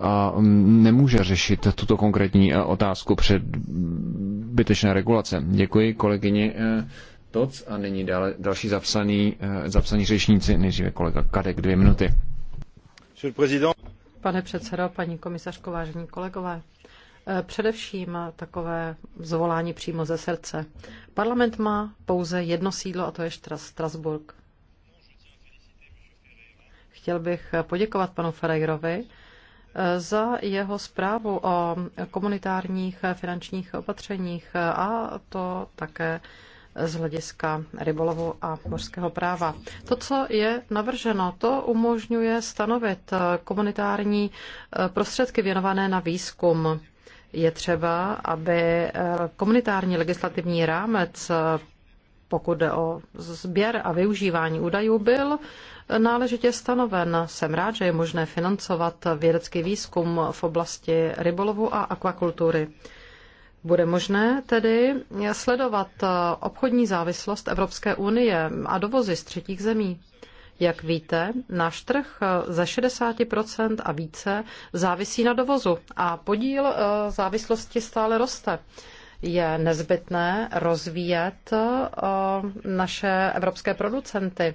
a nemůže řešit tuto konkrétní otázku před bytečné regulace. Děkuji kolegyni Toc a nyní dále další zapsaný, zapsaní řečníci, nejdříve kolega Kadek, dvě minuty. Pane předsedo, paní komisařko, vážení kolegové, Eh, především takové zvolání přímo ze srdce. Parlament má pouze jedno sídlo a to je Strasburg. Chtěl bych poděkovat panu Ferreirovi eh, za jeho zprávu o komunitárních finančních opatřeních a to také z hlediska rybolovu a mořského práva. To, co je navrženo, to umožňuje stanovit komunitární eh, prostředky věnované na výzkum je třeba, aby eh, komunitární legislativní rámec, eh, pokud jde o sběr a využívání údajů, byl eh, náležitě stanoven. Jsem rád, že je možné financovat vědecký výzkum v oblasti rybolovu a akvakultury. Bude možné tedy sledovat obchodní závislost Evropské unie a dovozy z třetích zemí. Jak víte, náš trh eh, ze 60% a více závisí na dovozu a podíl eh, závislosti stále roste. Je nezbytné rozvíjet eh, naše evropské producenty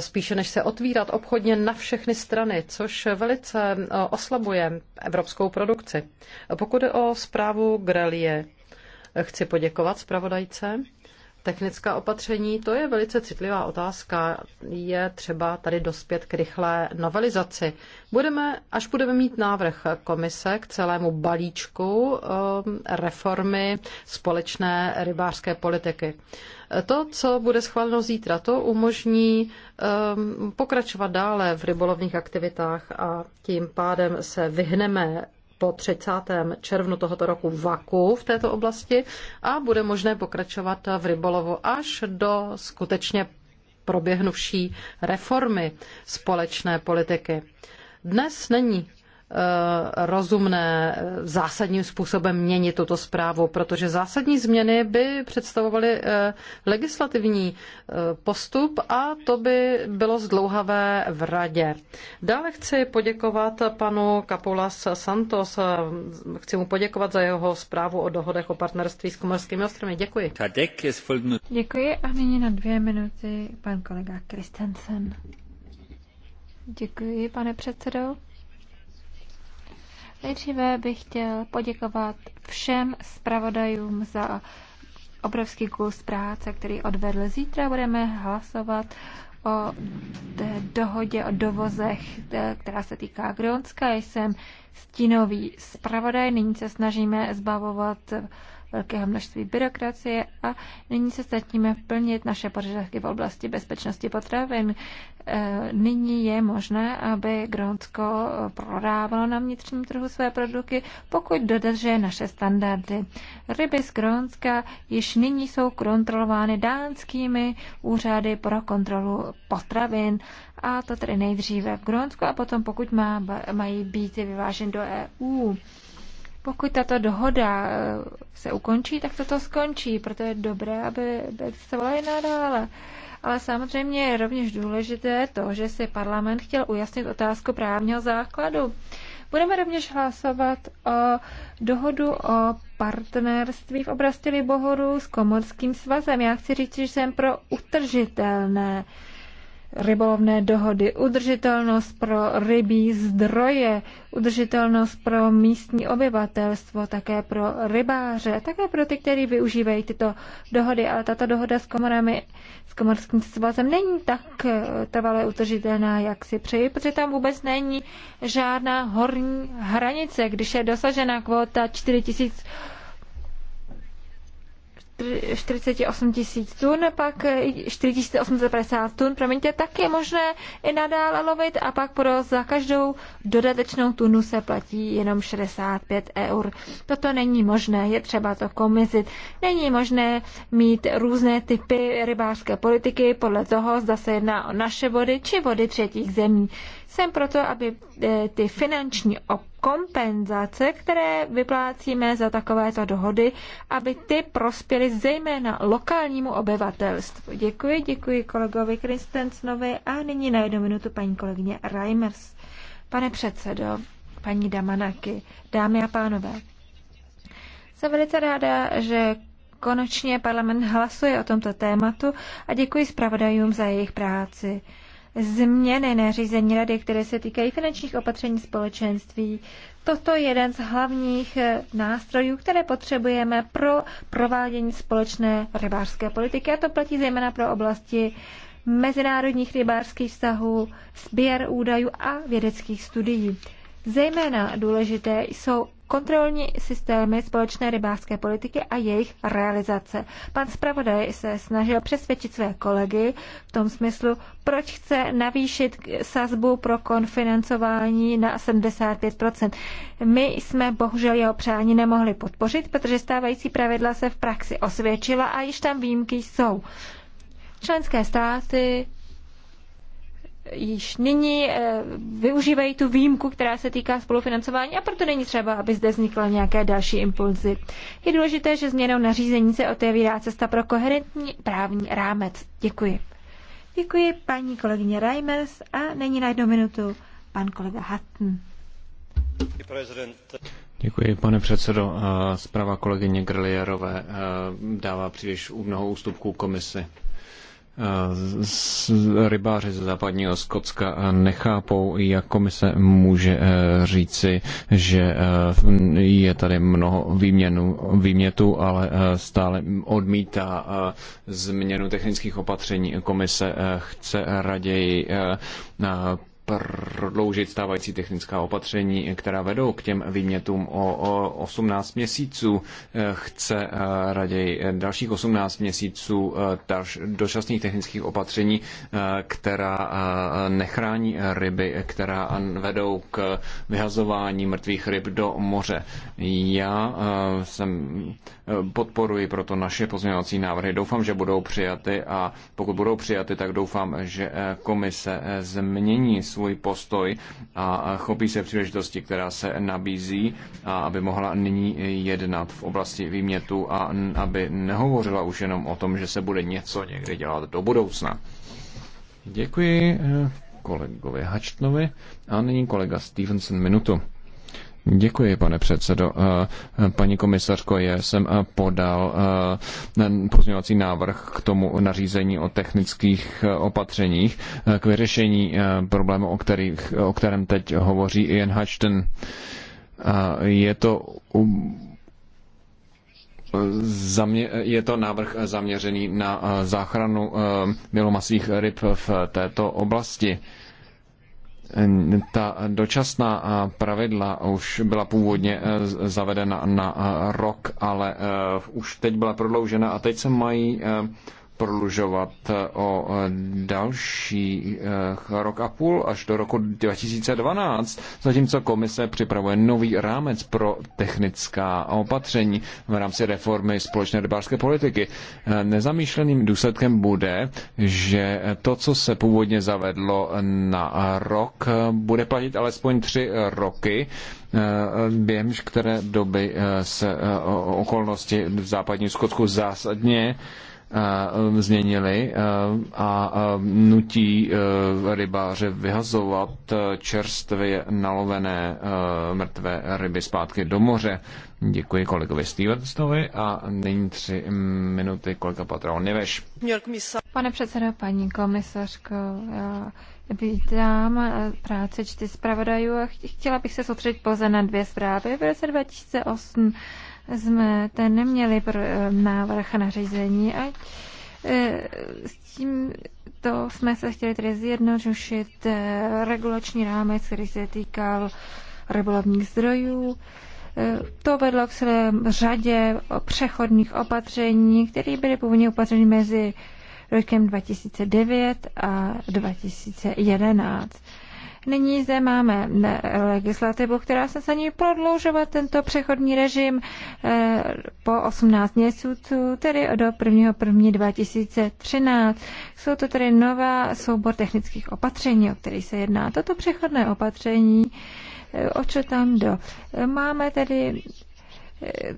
spíše než se otvírat obchodně na všechny strany, což velice oslabuje evropskou produkci. Pokud je o zprávu Grelie, chci poděkovat zpravodajce technická opatření, to je velice citlivá otázka. Je třeba tady dospět k rychlé novelizaci. Budeme, až budeme mít návrh komise k celému balíčku um, reformy společné rybářské politiky. To, co bude schváleno zítra, to umožní um, pokračovat dále v rybolovních aktivitách a tím pádem se vyhneme po 30. červnu tohoto roku vaku v této oblasti a bude možné pokračovat v rybolovu až do skutečně proběhnuvší reformy společné politiky. Dnes není Eh, rozumné eh, zásadním způsobem měnit tuto zprávu, protože zásadní změny by představovaly eh, legislativní postup a to by bylo zdlouhavé v radě. Dále chci poděkovat panu Capulas Santos. Chci mu poděkovat za jeho zprávu o dohodech o partnerství s Komorskými ostrovy. Děkuji. Děkuji a nyní na dvě minuty pan kolega Kristensen. Děkuji, pane předsedo. Nejdříve bych chtěl poděkovat všem zpravodajům za obrovský kus práce, který odvedl. Zítra budeme hlasovat o dohodě o dovozech, která se týká Grónska. Jsem stínový zpravodaj, nyní se snažíme zbavovat velkého množství byrokracie a nyní se snažíme plnit naše požadavky v oblasti bezpečnosti potravin. E, nyní je možné, aby Grónsko prodávalo na vnitřním trhu své produkty, pokud dodržuje naše standardy. Ryby z Grónska již nyní jsou kontrolovány dánskými úřady pro kontrolu potravin a to tedy nejdříve v Grónsku a potom pokud má, mají být vyvážen do EU. Pokud tato dohoda eh, se ukončí, tak toto skončí, proto je dobré, aby existovala i nadále. Ale samozřejmě je rovněž důležité to, že si parlament chtěl ujasnit otázku právního základu. Budeme rovněž hlasovat o dohodu o partnerství v oblasti Libohoru s Komorským svazem. Já chci říct, že jsem pro utržitelné rybolovné dohody, udržitelnost pro rybí zdroje, udržitelnost pro místní obyvatelstvo, také pro rybáře, také pro ty, kteří využívají tyto dohody, ale tato dohoda s komorami, s komorským svazem není tak eh, trvale udržitelná, jak si přeji, protože tam vůbec není žádná horní hranice. Když je dosažena kvota 4000 48 tisíc tun, pak 4850 tun, promiňte, tak je možné i nadále lovit a pak pro za každou dodatečnou tunu se platí jenom 65 eur. Toto není možné, je třeba to komizit. Není možné mít různé typy rybářské politiky podle toho, zda se jedná o naše vody či vody třetích zemí. Jsem proto, aby eh, ty finanční op kompenzace, které vyplácíme za takovéto dohody, aby ty prospěly zejména lokálnímu obyvatelstvu. Děkuji, děkuji kolegovi Kristensnovi a nyní na jednu minutu paní kolegyně Reimers. Pane předsedo, paní Damanaki, dámy a pánové, jsem velice ráda, že konečně parlament hlasuje o tomto tématu a děkuji zpravodajům za jejich práci změny nařízení rady, které se týkají finančních opatření společenství. Toto je jeden z hlavních eh, nástrojů, které potřebujeme pro provádění společné rybářské politiky. A to platí zejména pro oblasti mezinárodních rybářských vztahů, sběr údajů a vědeckých studií. Zejména důležité jsou kontrolní systémy společné rybářské politiky a jejich realizace. Pan zpravodaj se snažil přesvědčit své kolegy v tom smyslu, proč chce navýšit sazbu pro konfinancování na 75%. My jsme bohužel jeho přání nemohli podpořit, protože stávající pravidla se v praxi osvědčila a již tam výjimky jsou. Členské státy již nyní eh, využívají tu výjimku, která se týká spolufinancování a proto není třeba, aby zde vznikly nějaké další impulzy. Je důležité, že změnou nařízení se otevírá cesta pro koherentní právní rámec. Děkuji. Děkuji paní kolegyně Reimers a není na jednu minutu pan kolega Hatton. Děkuji, pane předsedo. Eh, zpráva kolegyně Grelierové eh, dává příliš mnoho ústupků komisi. Eh, rybáři ze západního Skotska eh, nechápou, jak komise může eh, říci, že je tady mnoho výměnu, výmětu, ale stále odmítá změnu technických opatření. Komise chce raději prodloužit stávající technická opatření, která vedou k těm výmětům o, 18 měsíců. Chce eh, raději dalších 18 měsíců eh, dočasných technických opatření, eh, která nechrání ryby, která vedou k vyhazování mrtvých ryb do moře. Já jsem podporuji proto naše pozměňovací návrhy. Doufám, že budou přijaty a pokud budou přijaty, tak doufám, že komise změní svůj svůj postoj a chopí se příležitosti, která se nabízí, a aby mohla nyní jednat v oblasti výmětu a aby nehovořila už jenom o tom, že se bude něco někde dělat do budoucna. Děkuji eh, kolegovi Hačtnovi a nyní kolega Stevenson minutu. Děkuji, pane předsedo. Eh, paní komisařko, já jsem eh, podal eh, pozměňovací návrh k tomu nařízení o technických opatřeních k vyřešení problému, o, kterých, o kterém teď hovoří Ian Hutchton. Je to Zamě, je to návrh zaměřený na záchranu bělomasých ryb v této oblasti. Ta dočasná pravidla už byla původně eh, zavedena na eh, rok, ale eh, už teď byla prodloužena a teď se mají prodlužovat eh, o eh, další eh, rok a půl až do roku 2012, zatímco komise připravuje nový rámec pro technická opatření v rámci reformy společné rybářské politiky. Nezamýšleným důsledkem bude, že to, co se původně zavedlo na rok, bude platit alespoň tři roky, během které doby se okolnosti v západním Skotsku zásadně Eh, změnili eh, a eh, nutí rybáře vyhazovat čerstvě nalovené mrtvé ryby zpátky do moře. Děkuji kolegovi Stevensovi a nyní tři minuty kolega Patrón Neveš. Pane předsedo, paní komisařko, já vítám práce čty zpravodajů a chtěla bych se soustředit pouze na dvě zprávy. V roce 2008 jsme ten neměli pro eh, návrh na řízení a eh, s tím to jsme se chtěli tedy zjednodušit eh, regulační rámec, který se týkal rybolovních zdrojů. To vedlo k celé řadě přechodných opatření, které byly původně opatření mezi rokem 2009 a 2011. Nyní zde máme legislativu, která se ní prodloužovat tento přechodní režim eh, po 18 měsíců, tedy do 1. 2013. Jsou to tedy nová soubor technických opatření, o kterých se jedná. Toto přechodné opatření, eh, o co tam do? Máme tedy eh,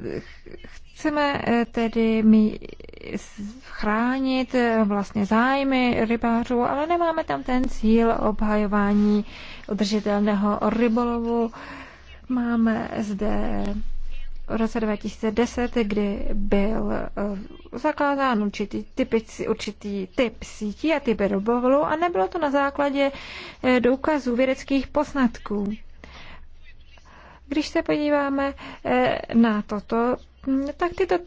Chceme eh, tedy my chránit eh, vlastně zájmy rybářů, ale nemáme tam ten cíl obhajování udržitelného rybolovu. Máme zde v roce 2010, kdy byl eh, zakázán určitý, typici, určitý typ sítí a typ rybolovu a nebylo to na základě důkazů vědeckých poznatků. Když se podíváme na toto, tak tyto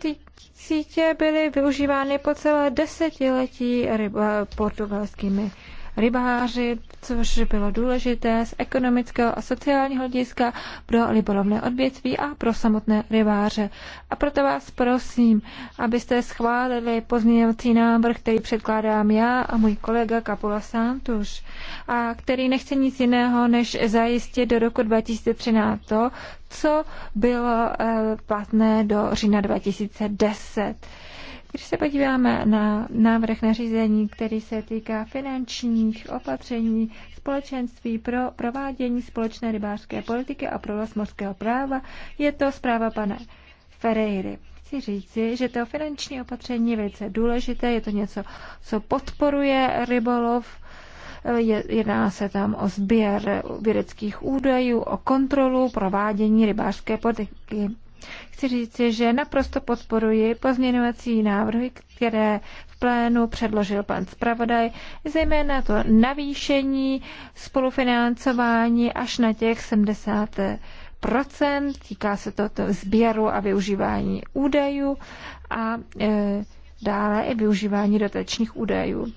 sítě byly využívány po celé desetiletí ryba, eh, portugalskými rybáři, což bylo důležité z ekonomického a sociálního hlediska pro rybolovné odvětví a pro samotné rybáře. A proto vás prosím, abyste schválili pozměňovací návrh, který předkládám já a můj kolega Kapula Santuš, a který nechce nic jiného, než zajistit do roku 2013 to, co bylo eh, platné do října 2010. Když se podíváme na návrh nařízení, který se týká finančních opatření společenství pro provádění společné rybářské politiky a provoz morského práva, je to zpráva pana Ferreiry chci říci, že to finanční opatření je velice důležité, je to něco, co podporuje rybolov, je, jedná se tam o sběr vědeckých údajů, o kontrolu provádění rybářské politiky. Chci říci, že naprosto podporuji pozměňovací návrhy, které v plénu předložil pan zpravodaj, zejména to navýšení spolufinancování až na těch 70 týká se to, to sběru a využívání údajů a e, dále i využívání dotačních údajů.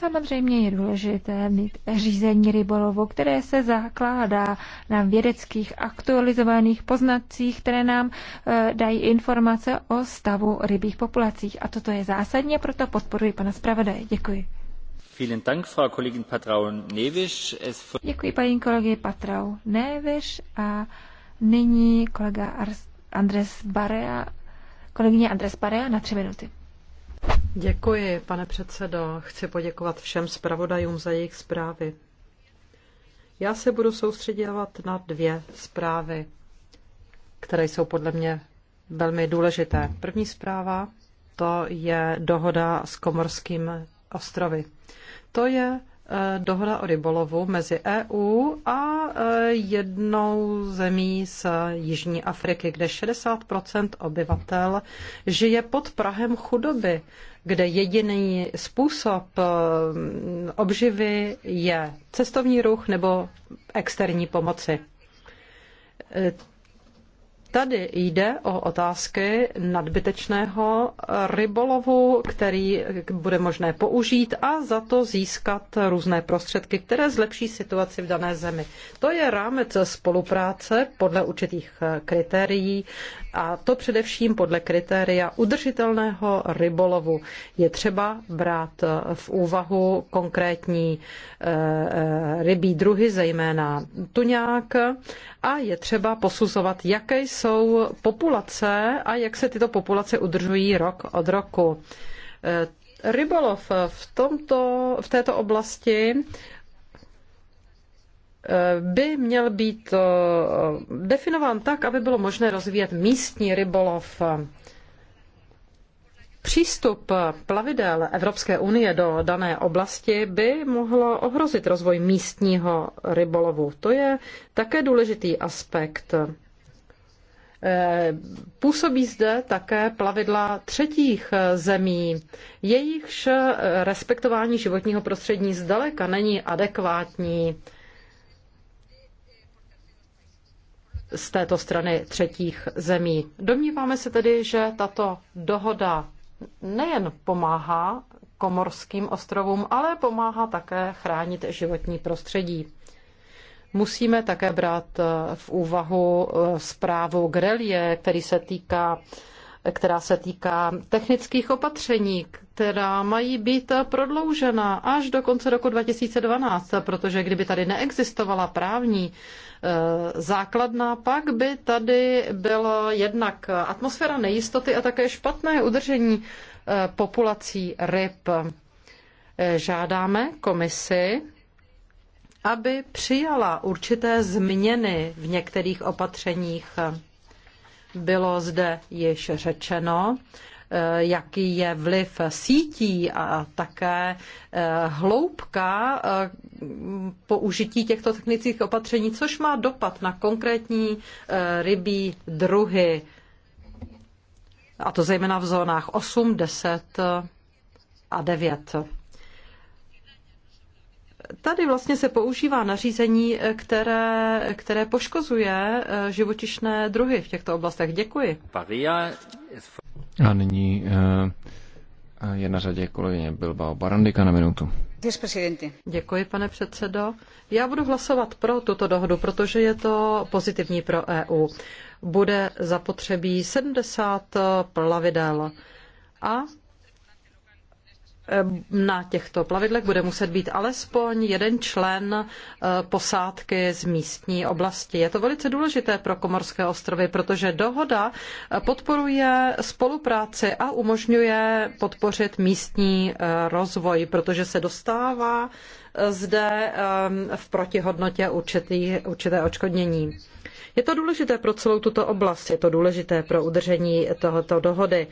Samozřejmě je důležité mít řízení rybolovu, které se zakládá na vědeckých aktualizovaných poznatcích, které nám e, dají informace o stavu rybích populacích. A toto je zásadní, proto podporuji pana zpravodaje. Děkuji. Děkuji paní kolegy Patrau Neviš a nyní kolega Andres Barea, kolegyně Andres Barea na tři minuty. Děkuji, pane předsedo. Chci poděkovat všem zpravodajům za jejich zprávy. Já se budu soustředěvat na dvě zprávy, které jsou podle mě velmi důležité. První zpráva to je dohoda s Komorským ostrovy. To je eh, dohoda o rybolovu mezi EU a eh, jednou zemí z Jižní Afriky, kde 60 obyvatel žije pod Prahem chudoby kde jediný způsob eh, obživy je cestovní ruch nebo externí pomoci. Eh, tady jde o otázky nadbytečného rybolovu, který bude možné použít a za to získat různé prostředky, které zlepší situaci v dané zemi. To je rámec spolupráce podle určitých eh, kritérií a to především podle kritéria udržitelného rybolovu. Je třeba brát eh, v úvahu konkrétní eh, eh, rybí druhy, zejména tuňák, a je třeba posuzovat, jaké jsou populace a jak se tyto populace udržují rok od roku. Rybolov v, tomto, v této oblasti Eh, by měl být eh, definován tak, aby bylo možné rozvíjet místní rybolov. Přístup plavidel Evropské unie do dané oblasti by mohlo ohrozit rozvoj místního rybolovu. To je také důležitý aspekt. Eh, působí zde také plavidla třetích zemí. Jejichž respektování životního prostředí zdaleka není adekvátní. z této strany třetích zemí. Domníváme se tedy, že tato dohoda nejen pomáhá komorským ostrovům, ale pomáhá také chránit životní prostředí. Musíme také brát eh, v úvahu eh, zprávu Grelie, který se týká, která se týká technických opatření, která mají být prodloužena až do konce roku 2012, protože kdyby tady neexistovala právní e, základná, pak by tady byla jednak atmosféra nejistoty a také špatné udržení e, populací ryb. E, žádáme komisi, aby přijala určité změny v některých opatřeních. Bylo zde již řečeno, Eh, jaký je vliv sítí a také eh, hloubka eh, použití těchto technických opatření, což má dopad na konkrétní rybí druhy, a to zejména v zónách 8, 10 a 9. Tady vlastně se používá nařízení, které, které poškozuje živočišné druhy v těchto oblastech. Děkuji. A nyní eh, je na řadě kolegyně Bilbao Barandika na minutu. Děkuji, pane předsedo. Já budu hlasovat pro tuto dohodu, protože je to pozitivní pro EU. Bude zapotřebí 70 plavidel a Ehm, na těchto plavidlech bude muset být alespoň jeden člen eh, posádky z místní oblasti. Je to velice důležité pro Komorské ostrovy, protože dohoda eh, podporuje spolupráci a umožňuje podpořit místní eh, rozvoj, protože se dostává zde ehm, v protihodnotě určitý, určité očkodnění. Je to důležité pro celou tuto oblast, je to důležité pro udržení tohoto dohody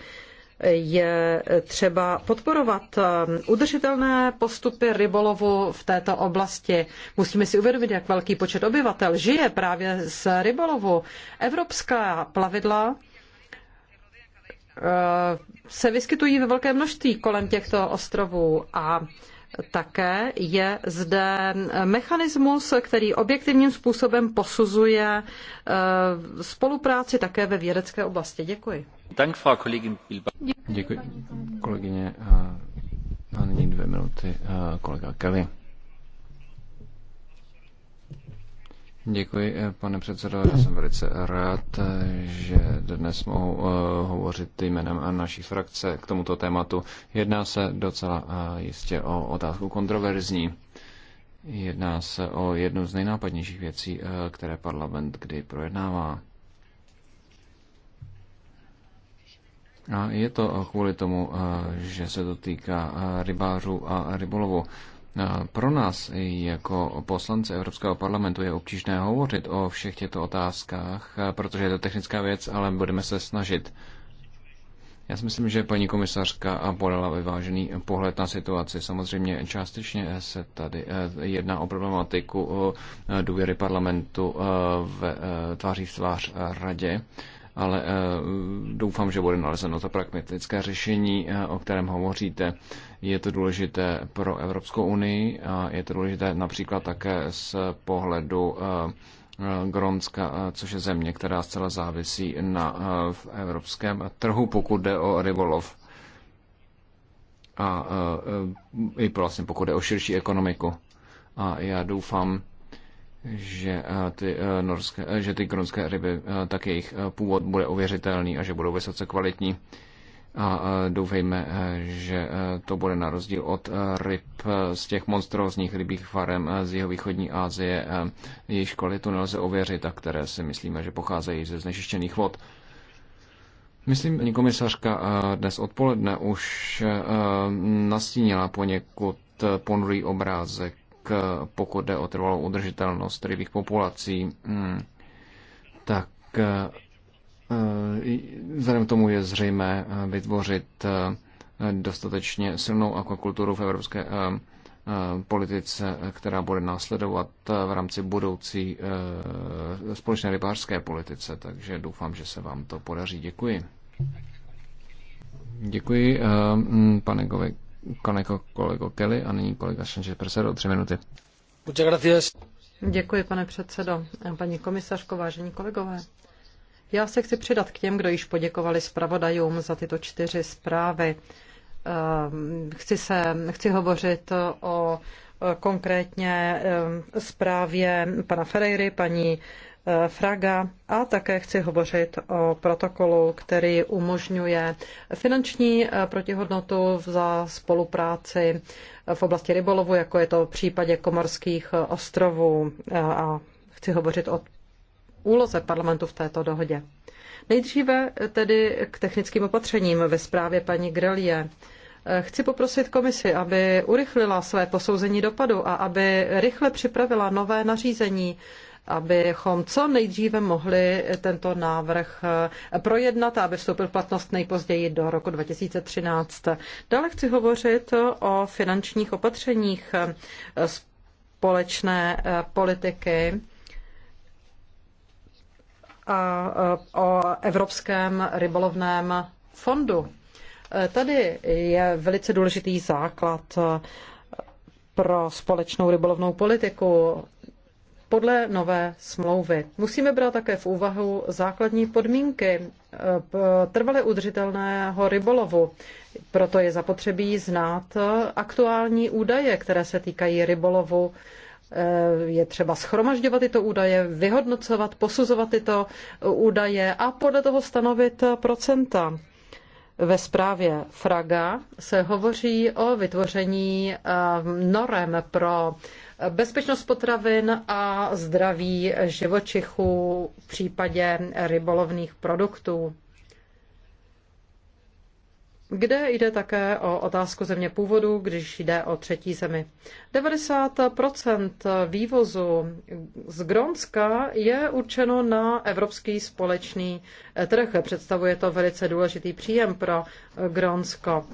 je třeba podporovat eh, udržitelné postupy rybolovu v této oblasti. Musíme si uvědomit, jak velký počet obyvatel žije právě z rybolovu. Evropská plavidla eh, se vyskytují ve velkém množství kolem těchto ostrovů a také je zde mechanismus, který objektivním způsobem posuzuje eh, spolupráci také ve vědecké oblasti. Děkuji. Děkuji, dvě minuty Děkuji, pane předsedo. Já jsem velice rád, že dnes mohu e, hovořit jménem naší frakce k tomuto tématu. Jedná se docela e, jistě o otázku kontroverzní. Jedná se o jednu z nejnápadnějších věcí, e, které parlament kdy projednává. A je to kvůli tomu, eh, že se to týká eh, rybářů a rybolovu. Eh, pro nás jako poslance Evropského parlamentu je obtížné hovořit o všech těchto otázkách, protože je to technická věc, ale budeme se snažit. Já si myslím, že paní komisařka podala vyvážený pohled na situaci. Samozřejmě částečně se tady jedná o problematiku důvěry parlamentu v tváří v tvář radě ale eh, doufám, že bude nalezeno to pragmatické řešení, eh, o kterém hovoříte. Je to důležité pro Evropskou unii a je to důležité například také z pohledu eh, Gronska, což je země, která zcela závisí na v evropském trhu, pokud jde o rybolov. A i vlastně pokud jde o širší ekonomiku. A já doufám, Eh, eh, eh, že ty, norské, že ty kronské ryby, tak jejich původ bude ověřitelný a že budou vysoce kvalitní. A doufejme, že to bude na rozdíl od ryb z těch monstrózních rybích farem z jeho východní Asie. Jejich kvalitu nelze ověřit a které si myslíme, že pocházejí ze znečištěných vod. Myslím, paní komisařka dnes odpoledne už nastínila poněkud ponurý obrázek pokud jde o trvalou udržitelnost rybích populací, hmm, tak eh, vzhledem k tomu je zřejmé eh, vytvořit eh, dostatečně silnou akvakulturu v Evropské politice, která bude následovat v rámci budoucí společné rybářské politice. Takže doufám, že se vám to podaří. Děkuji. Děkuji, pane Govek kolego, kolego Kelly a nyní kolega Sanchez Presedo, tři minuty. Děkuji, pane předsedo. Paní komisařko, vážení kolegové. Já se chci přidat k těm, kdo již poděkovali zpravodajům za tyto čtyři zprávy. Ehm, chci, se, chci hovořit o e, konkrétně ehm, zprávě pana Ferreiry, paní Eh, Fraga a také chci hovořit o protokolu, který umožňuje finanční eh, protihodnotu za spolupráci eh, v oblasti rybolovu, jako je to v případě Komorských ostrovů a chci hovořit o úloze parlamentu v této dohodě. Nejdříve tedy k technickým opatřením ve zprávě paní Grelie. Chci poprosit komisi, aby urychlila své posouzení dopadu a aby rychle připravila nové nařízení abychom co nejdříve mohli tento návrh eh, projednat a aby vstoupil v platnost nejpozději do roku 2013. Dále chci hovořit o finančních opatřeních eh, společné eh, politiky a o Evropském rybolovném fondu. Tady je velice důležitý základ pro společnou rybolovnou politiku podle nové smlouvy. Musíme brát také v úvahu základní podmínky eh, trvale udržitelného rybolovu. Proto je zapotřebí znát eh, aktuální údaje, které se týkají rybolovu. Eh, je třeba schromažďovat tyto údaje, vyhodnocovat, posuzovat tyto údaje a podle toho stanovit procenta. Ve zprávě Fraga se hovoří o vytvoření norem pro bezpečnost potravin a zdraví živočichů v případě rybolovných produktů kde jde také o otázku země původu, když jde o třetí zemi. 90 vývozu z Grónska je určeno na evropský společný trh. Představuje to velice důležitý příjem pro Grónsko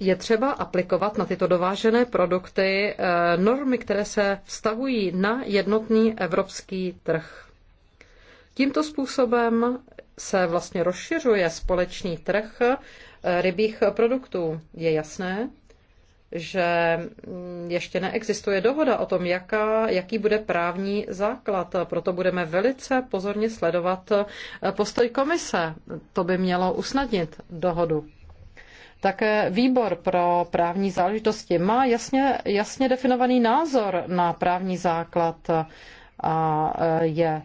je třeba aplikovat na tyto dovážené produkty eh, normy, které se vztahují na jednotný evropský trh. Tímto způsobem se vlastně rozšiřuje společný trh eh, rybích produktů. Je jasné, že mm, ještě neexistuje dohoda o tom, jaká, jaký bude právní základ. Proto budeme velice pozorně sledovat eh, postoj komise. To by mělo usnadnit dohodu. Také výbor pro právní záležitosti má jasně, jasně definovaný názor na právní základ a e, je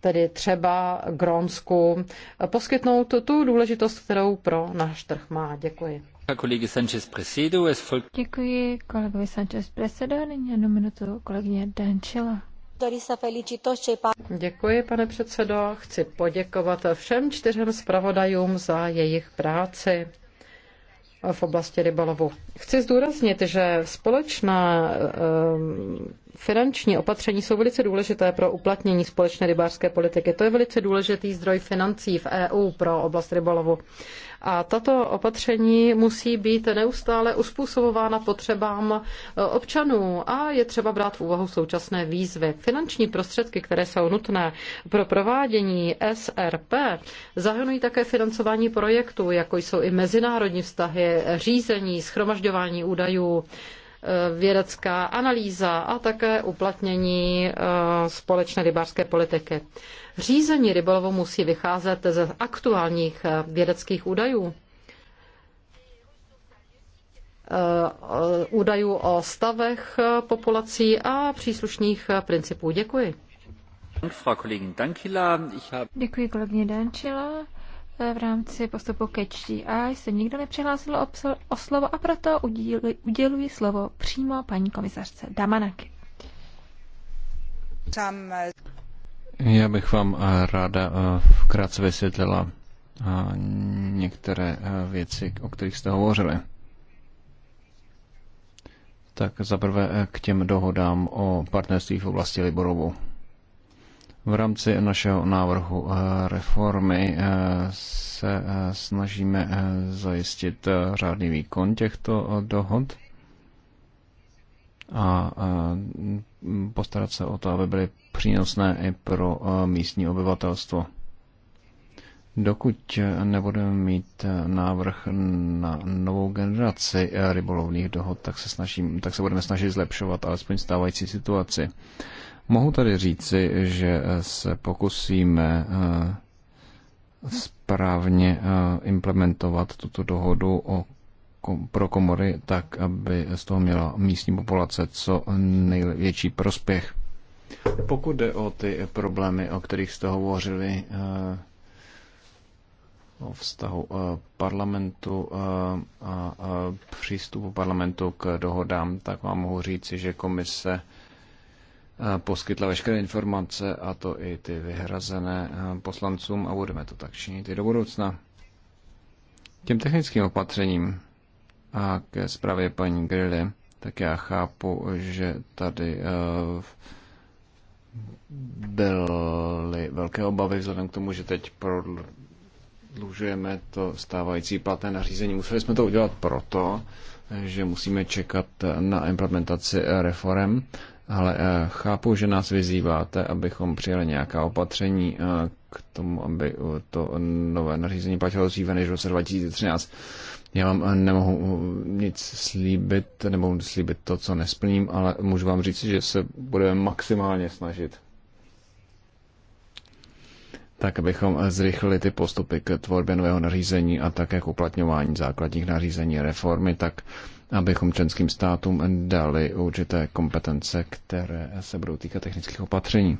tedy třeba Grónsku poskytnout tu důležitost, kterou pro náš trh má. Děkuji. Děkuji kolegovi Sanchez Presedo, nyní jednu minutu kolegyně Dančila. Děkuji, pane předsedo. Chci poděkovat všem čtyřem zpravodajům za jejich práci v oblasti rybolovu. Chci zdůraznit, že společná eh, finanční opatření jsou velice důležité pro uplatnění společné rybářské politiky. To je velice důležitý zdroj financí v EU pro oblast rybolovu. A tato opatření musí být neustále uspůsobována potřebám e, občanů a je třeba brát v úvahu současné výzvy. Finanční prostředky, které jsou nutné pro provádění SRP, zahrnují také financování projektů, jako jsou i mezinárodní vztahy, řízení, schromažďování údajů, e, vědecká analýza a také uplatnění e, společné rybářské politiky. Řízení rybolovu musí vycházet ze aktuálních eh, vědeckých údajů eh, údajů o stavech eh, populací a příslušných principů. Děkuji. Děkuji kolegyně Dančila. V rámci postupu Catch a se nikdo nepřihlásil o slovo a proto uděluji, uděluji slovo přímo paní komisařce Damanaki. Já bych vám eh, ráda eh, krátce vysvětlila eh, některé věci, o kterých jste hovořili. Tak zaprvé k těm dohodám o partnerství v oblasti Liborovu. V rámci našeho návrhu reformy se snažíme zajistit řádný výkon těchto dohod a, a postarat se o to, aby byly přínosné i pro místní obyvatelstvo. Dokud nebudeme mít e, návrh na novou generaci e, rybolovných dohod, tak se, snažím, tak se budeme snažit zlepšovat alespoň stávající situaci. Mohu tady říci, že e, se pokusíme správně implementovat tuto dohodu o pro komory, tak aby z toho měla místní populace co největší prospěch. Pokud jde o ty problémy, o kterých jste hovořili, eh, o vztahu eh, parlamentu eh, a přístupu parlamentu k dohodám, tak vám mohu říci, že komise poskytla veškeré informace, a to i ty vyhrazené poslancům, a budeme to tak činit i do budoucna. Těm technickým opatřením a ke zprávě paní Grilly, tak já chápu, že tady eh, byly velké obavy vzhledem k tomu, že teď prodlužujeme to stávající platné nařízení. Museli jsme to udělat proto, že musíme čekat na implementaci reform, ale eh, chápu, že nás vyzýváte, abychom přijeli nějaká opatření eh, k tomu, aby to nové nařízení platilo dříve než v roce 2013. Já vám eh, nemohu eh, nic slíbit, nemohu slíbit to, co nesplním, ale můžu vám říct, že se budeme maximálně snažit. Tak, abychom eh, zrychlili ty postupy k tvorbě nového nařízení a také k uplatňování základních nařízení reformy, tak abychom členským státům dali určité kompetence, které se budou týkat technických opatření.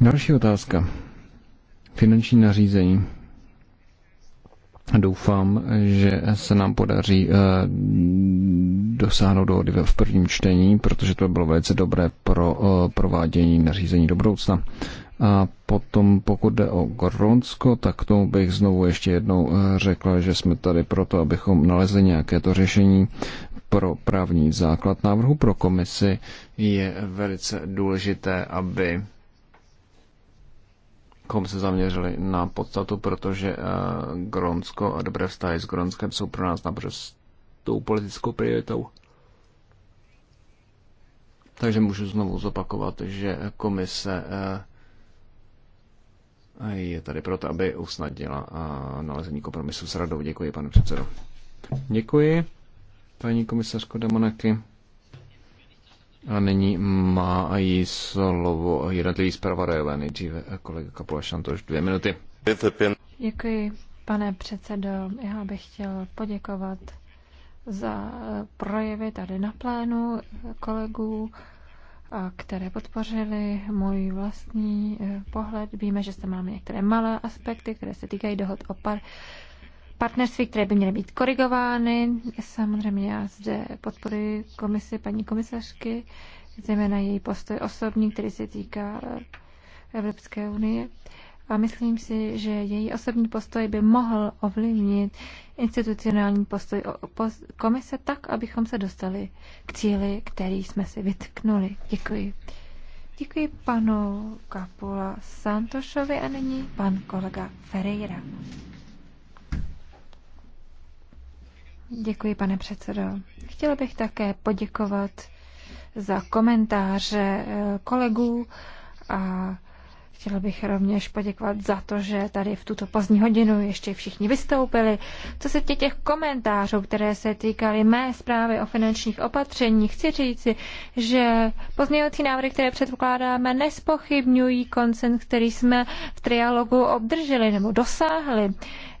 Další otázka. Finanční nařízení. Doufám, že se nám podaří eh, dosáhnout dohody v prvním čtení, protože to bylo velice dobré pro eh, provádění nařízení do budoucna. A potom, pokud jde o Gorlonsko, tak tomu bych znovu ještě jednou eh, řekla, že jsme tady proto, abychom nalezli nějaké to řešení pro právní základ návrhu pro komisi. Je velice důležité, aby bychom se zaměřili na podstatu, protože eh, Gronsko a dobré vztahy s Gronskem jsou pro nás naprosto politickou prioritou. Takže můžu znovu zopakovat, že komise eh, je tady proto, aby usnadnila eh, nalezení kompromisu s radou. Děkuji, pane předsedo. Děkuji, paní komisařko Damanaky. A nyní má jí slovo jednotlivý zpravodajové, nejdříve kolega Kapula Šantoš, dvě minuty. Děkuji, pane předsedo. Já bych chtěl poděkovat za eh, projevy tady na plénu kolegů, které podpořili můj vlastní eh, pohled. Víme, že se máme některé malé aspekty, které se týkají dohod o par partnerství, které by měly být korigovány. Samozřejmě já zde podporuji komisi paní komisařky, zejména její postoj osobní, který se týká eh, Evropské unie. A myslím si, že její osobní postoj by mohl ovlivnit institucionální postoj komise tak, abychom se dostali k cíli, který jsme si vytknuli. Děkuji. Děkuji panu Kapula Santošovi a nyní pan kolega Ferreira. Děkuji, pane předsedo. Chtěla bych také poděkovat za komentáře eh, kolegů a Chtěla bych rovněž poděkovat za to, že tady v tuto pozdní hodinu ještě všichni vystoupili. Co se tě těch komentářů, které se týkaly mé zprávy o finančních opatřeních, chci říci, že pozměňovací návrhy, které předpokládáme, nespochybňují koncent, který jsme v trialogu obdrželi nebo dosáhli.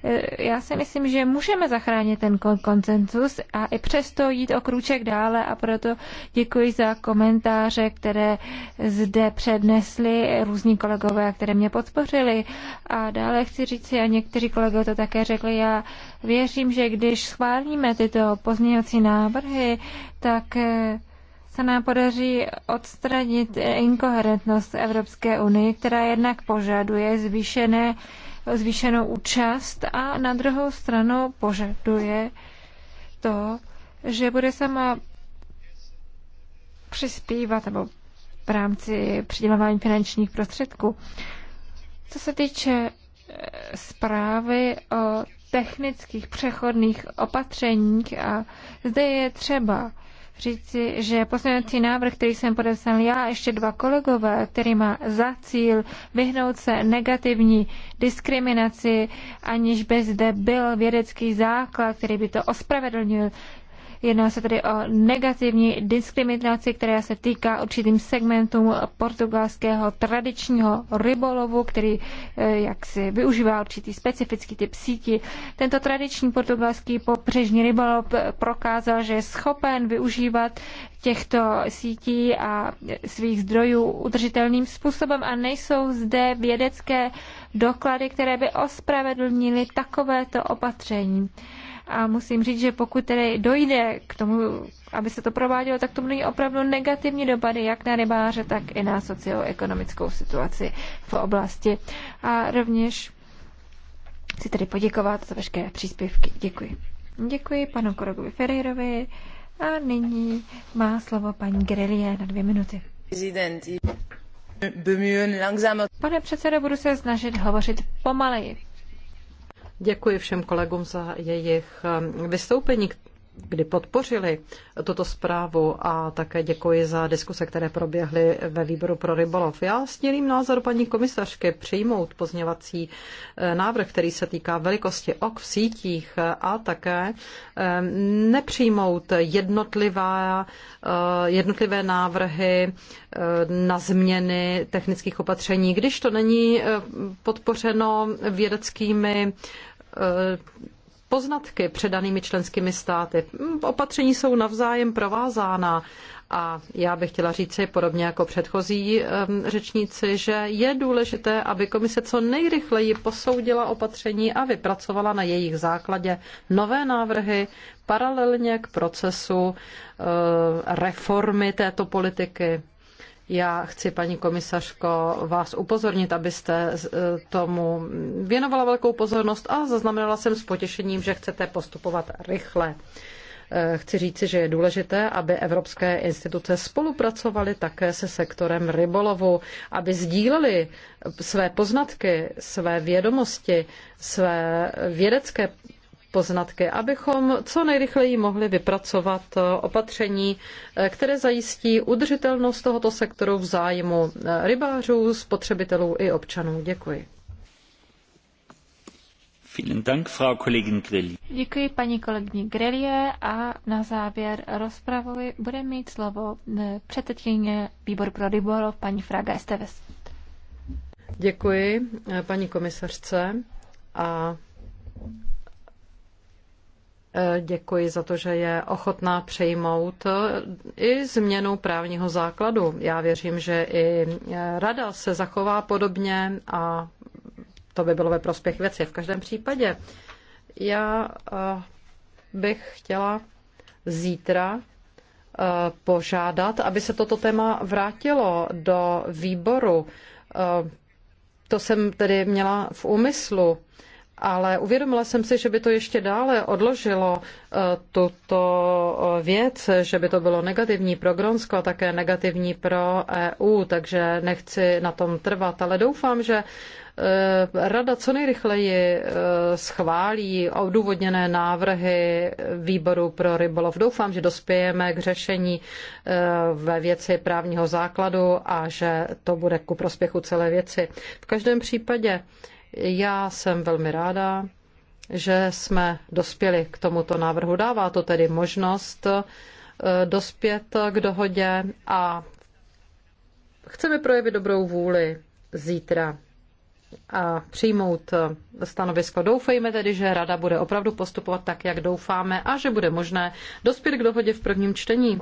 Eh, já si myslím, že můžeme zachránit ten koncensus a i přesto jít o krůček dále a proto děkuji za komentáře, které zde přednesli různí kolegové, které mě podpořili. A dále chci říct, a někteří kolegové to také řekli, já věřím, že když schválíme tyto pozměňovací návrhy, tak eh, se nám podaří odstranit inkoherentnost Evropské unie, která jednak požaduje zvýšené zvýšenou účast a na druhou stranu požaduje to, že bude sama přispívat nebo v rámci přidělování finančních prostředků. Co se týče e, zprávy o technických přechodných opatřeních a zde je třeba říci, že poslední návrh, který jsem podepsal já a ještě dva kolegové, který má za cíl vyhnout se negativní diskriminaci, aniž by zde byl vědecký základ, který by to ospravedlnil, Jedná se tedy o negativní diskriminaci, která se týká určitým segmentům portugalského tradičního rybolovu, který eh, jak si využívá určitý specifický typ síti. Tento tradiční portugalský pobřežní rybolov prokázal, že je schopen využívat těchto sítí a svých zdrojů udržitelným způsobem a nejsou zde vědecké doklady, které by ospravedlnily takovéto opatření. A musím říct, že pokud tedy dojde k tomu, aby se to provádělo, tak to mluví opravdu negativní dopady jak na rybáře, tak i na socioekonomickou situaci v oblasti. A rovněž chci tedy poděkovat za veškeré příspěvky. Děkuji. Děkuji panu Korogovi Ferrerovi a nyní má slovo paní Grelie na dvě minuty. Pane předsedo, budu se snažit hovořit pomaleji. Děkuji všem kolegům za jejich um, vystoupení, kdy podpořili tuto zprávu a také děkuji za diskuse, které proběhly ve výboru pro rybolov. Já sdělím názor paní komisařky přijmout pozněvací eh, návrh, který se týká velikosti ok v sítích a také eh, nepřijmout jednotlivá, eh, jednotlivé návrhy na změny technických opatření, když to není podpořeno vědeckými Eh, poznatky předanými členskými státy. Opatření jsou navzájem provázána a já bych chtěla říci, podobně jako předchozí eh, řečníci, že je důležité, aby komise co nejrychleji posoudila opatření a vypracovala na jejich základě nové návrhy paralelně k procesu eh, reformy této politiky. Já chci, paní komisařko, vás upozornit, abyste eh, tomu věnovala velkou pozornost a zaznamenala jsem s potěšením, že chcete postupovat rychle. Eh, chci říci, že je důležité, aby evropské instituce spolupracovaly také se sektorem rybolovu, aby sdíleli své poznatky, své vědomosti, své vědecké poznatky, abychom co nejrychleji mohli vypracovat eh, opatření, eh, které zajistí udržitelnost tohoto sektoru v zájmu eh, rybářů, spotřebitelů i občanů. Děkuji. Děkuji paní kolegyni Grelie a na závěr rozpravy bude mít slovo předsedkyně výbor pro rybolov paní Fraga Esteves. Děkuji paní komisařce a Eh, děkuji za to, že je ochotná přejmout eh, i změnu právního základu. Já věřím, že i eh, rada se zachová podobně a to by bylo ve prospěch věci. V každém případě já bych chtěla zítra požádat, aby se toto téma vrátilo do výboru. To jsem tedy měla v úmyslu ale uvědomila jsem si, že by to ještě dále odložilo e, tuto e, věc, že by to bylo negativní pro Gronsko a také negativní pro EU, takže nechci na tom trvat, ale doufám, že e, Rada co nejrychleji schválí odůvodněné návrhy výboru pro rybolov. Doufám, že dospějeme k řešení ve věci právního základu a že to bude ku prospěchu celé věci. V každém případě já jsem velmi ráda, že jsme dospěli k tomuto návrhu. Dává to tedy možnost eh, dospět k dohodě a chceme projevit dobrou vůli zítra a přijmout eh, stanovisko. Doufejme tedy, že Rada bude opravdu postupovat tak, jak doufáme a že bude možné dospět k dohodě v prvním čtení.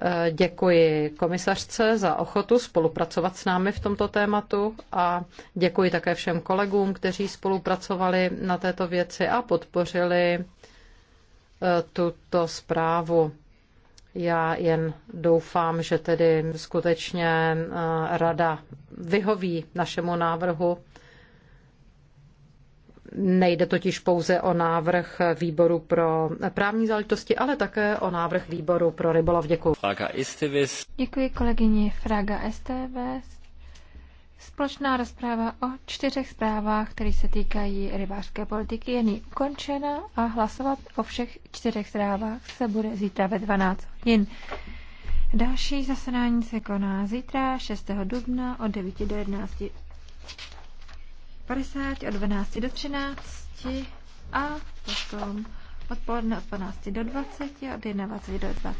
Eh, děkuji komisařce za ochotu spolupracovat s námi v tomto tématu a děkuji také všem kolegům, kteří spolupracovali na této věci a podpořili eh, tuto zprávu. Já jen doufám, že tedy skutečně eh, rada vyhoví našemu návrhu Nejde totiž pouze o návrh výboru pro právní záležitosti, ale také o návrh výboru pro rybolov. Děkuji. Fraga Esteves. Děkuji kolegyni Fraga Esteves. Společná rozpráva o čtyřech zprávách, které se týkají rybářské politiky, je nyní ukončena a hlasovat o všech čtyřech zprávách se bude zítra ve 12 hodin. Další zasedání se koná zítra 6. dubna od 9 do 11. 50 od 12 do 13 a potom odpoledne od 12 do 20 a od 21 do 20.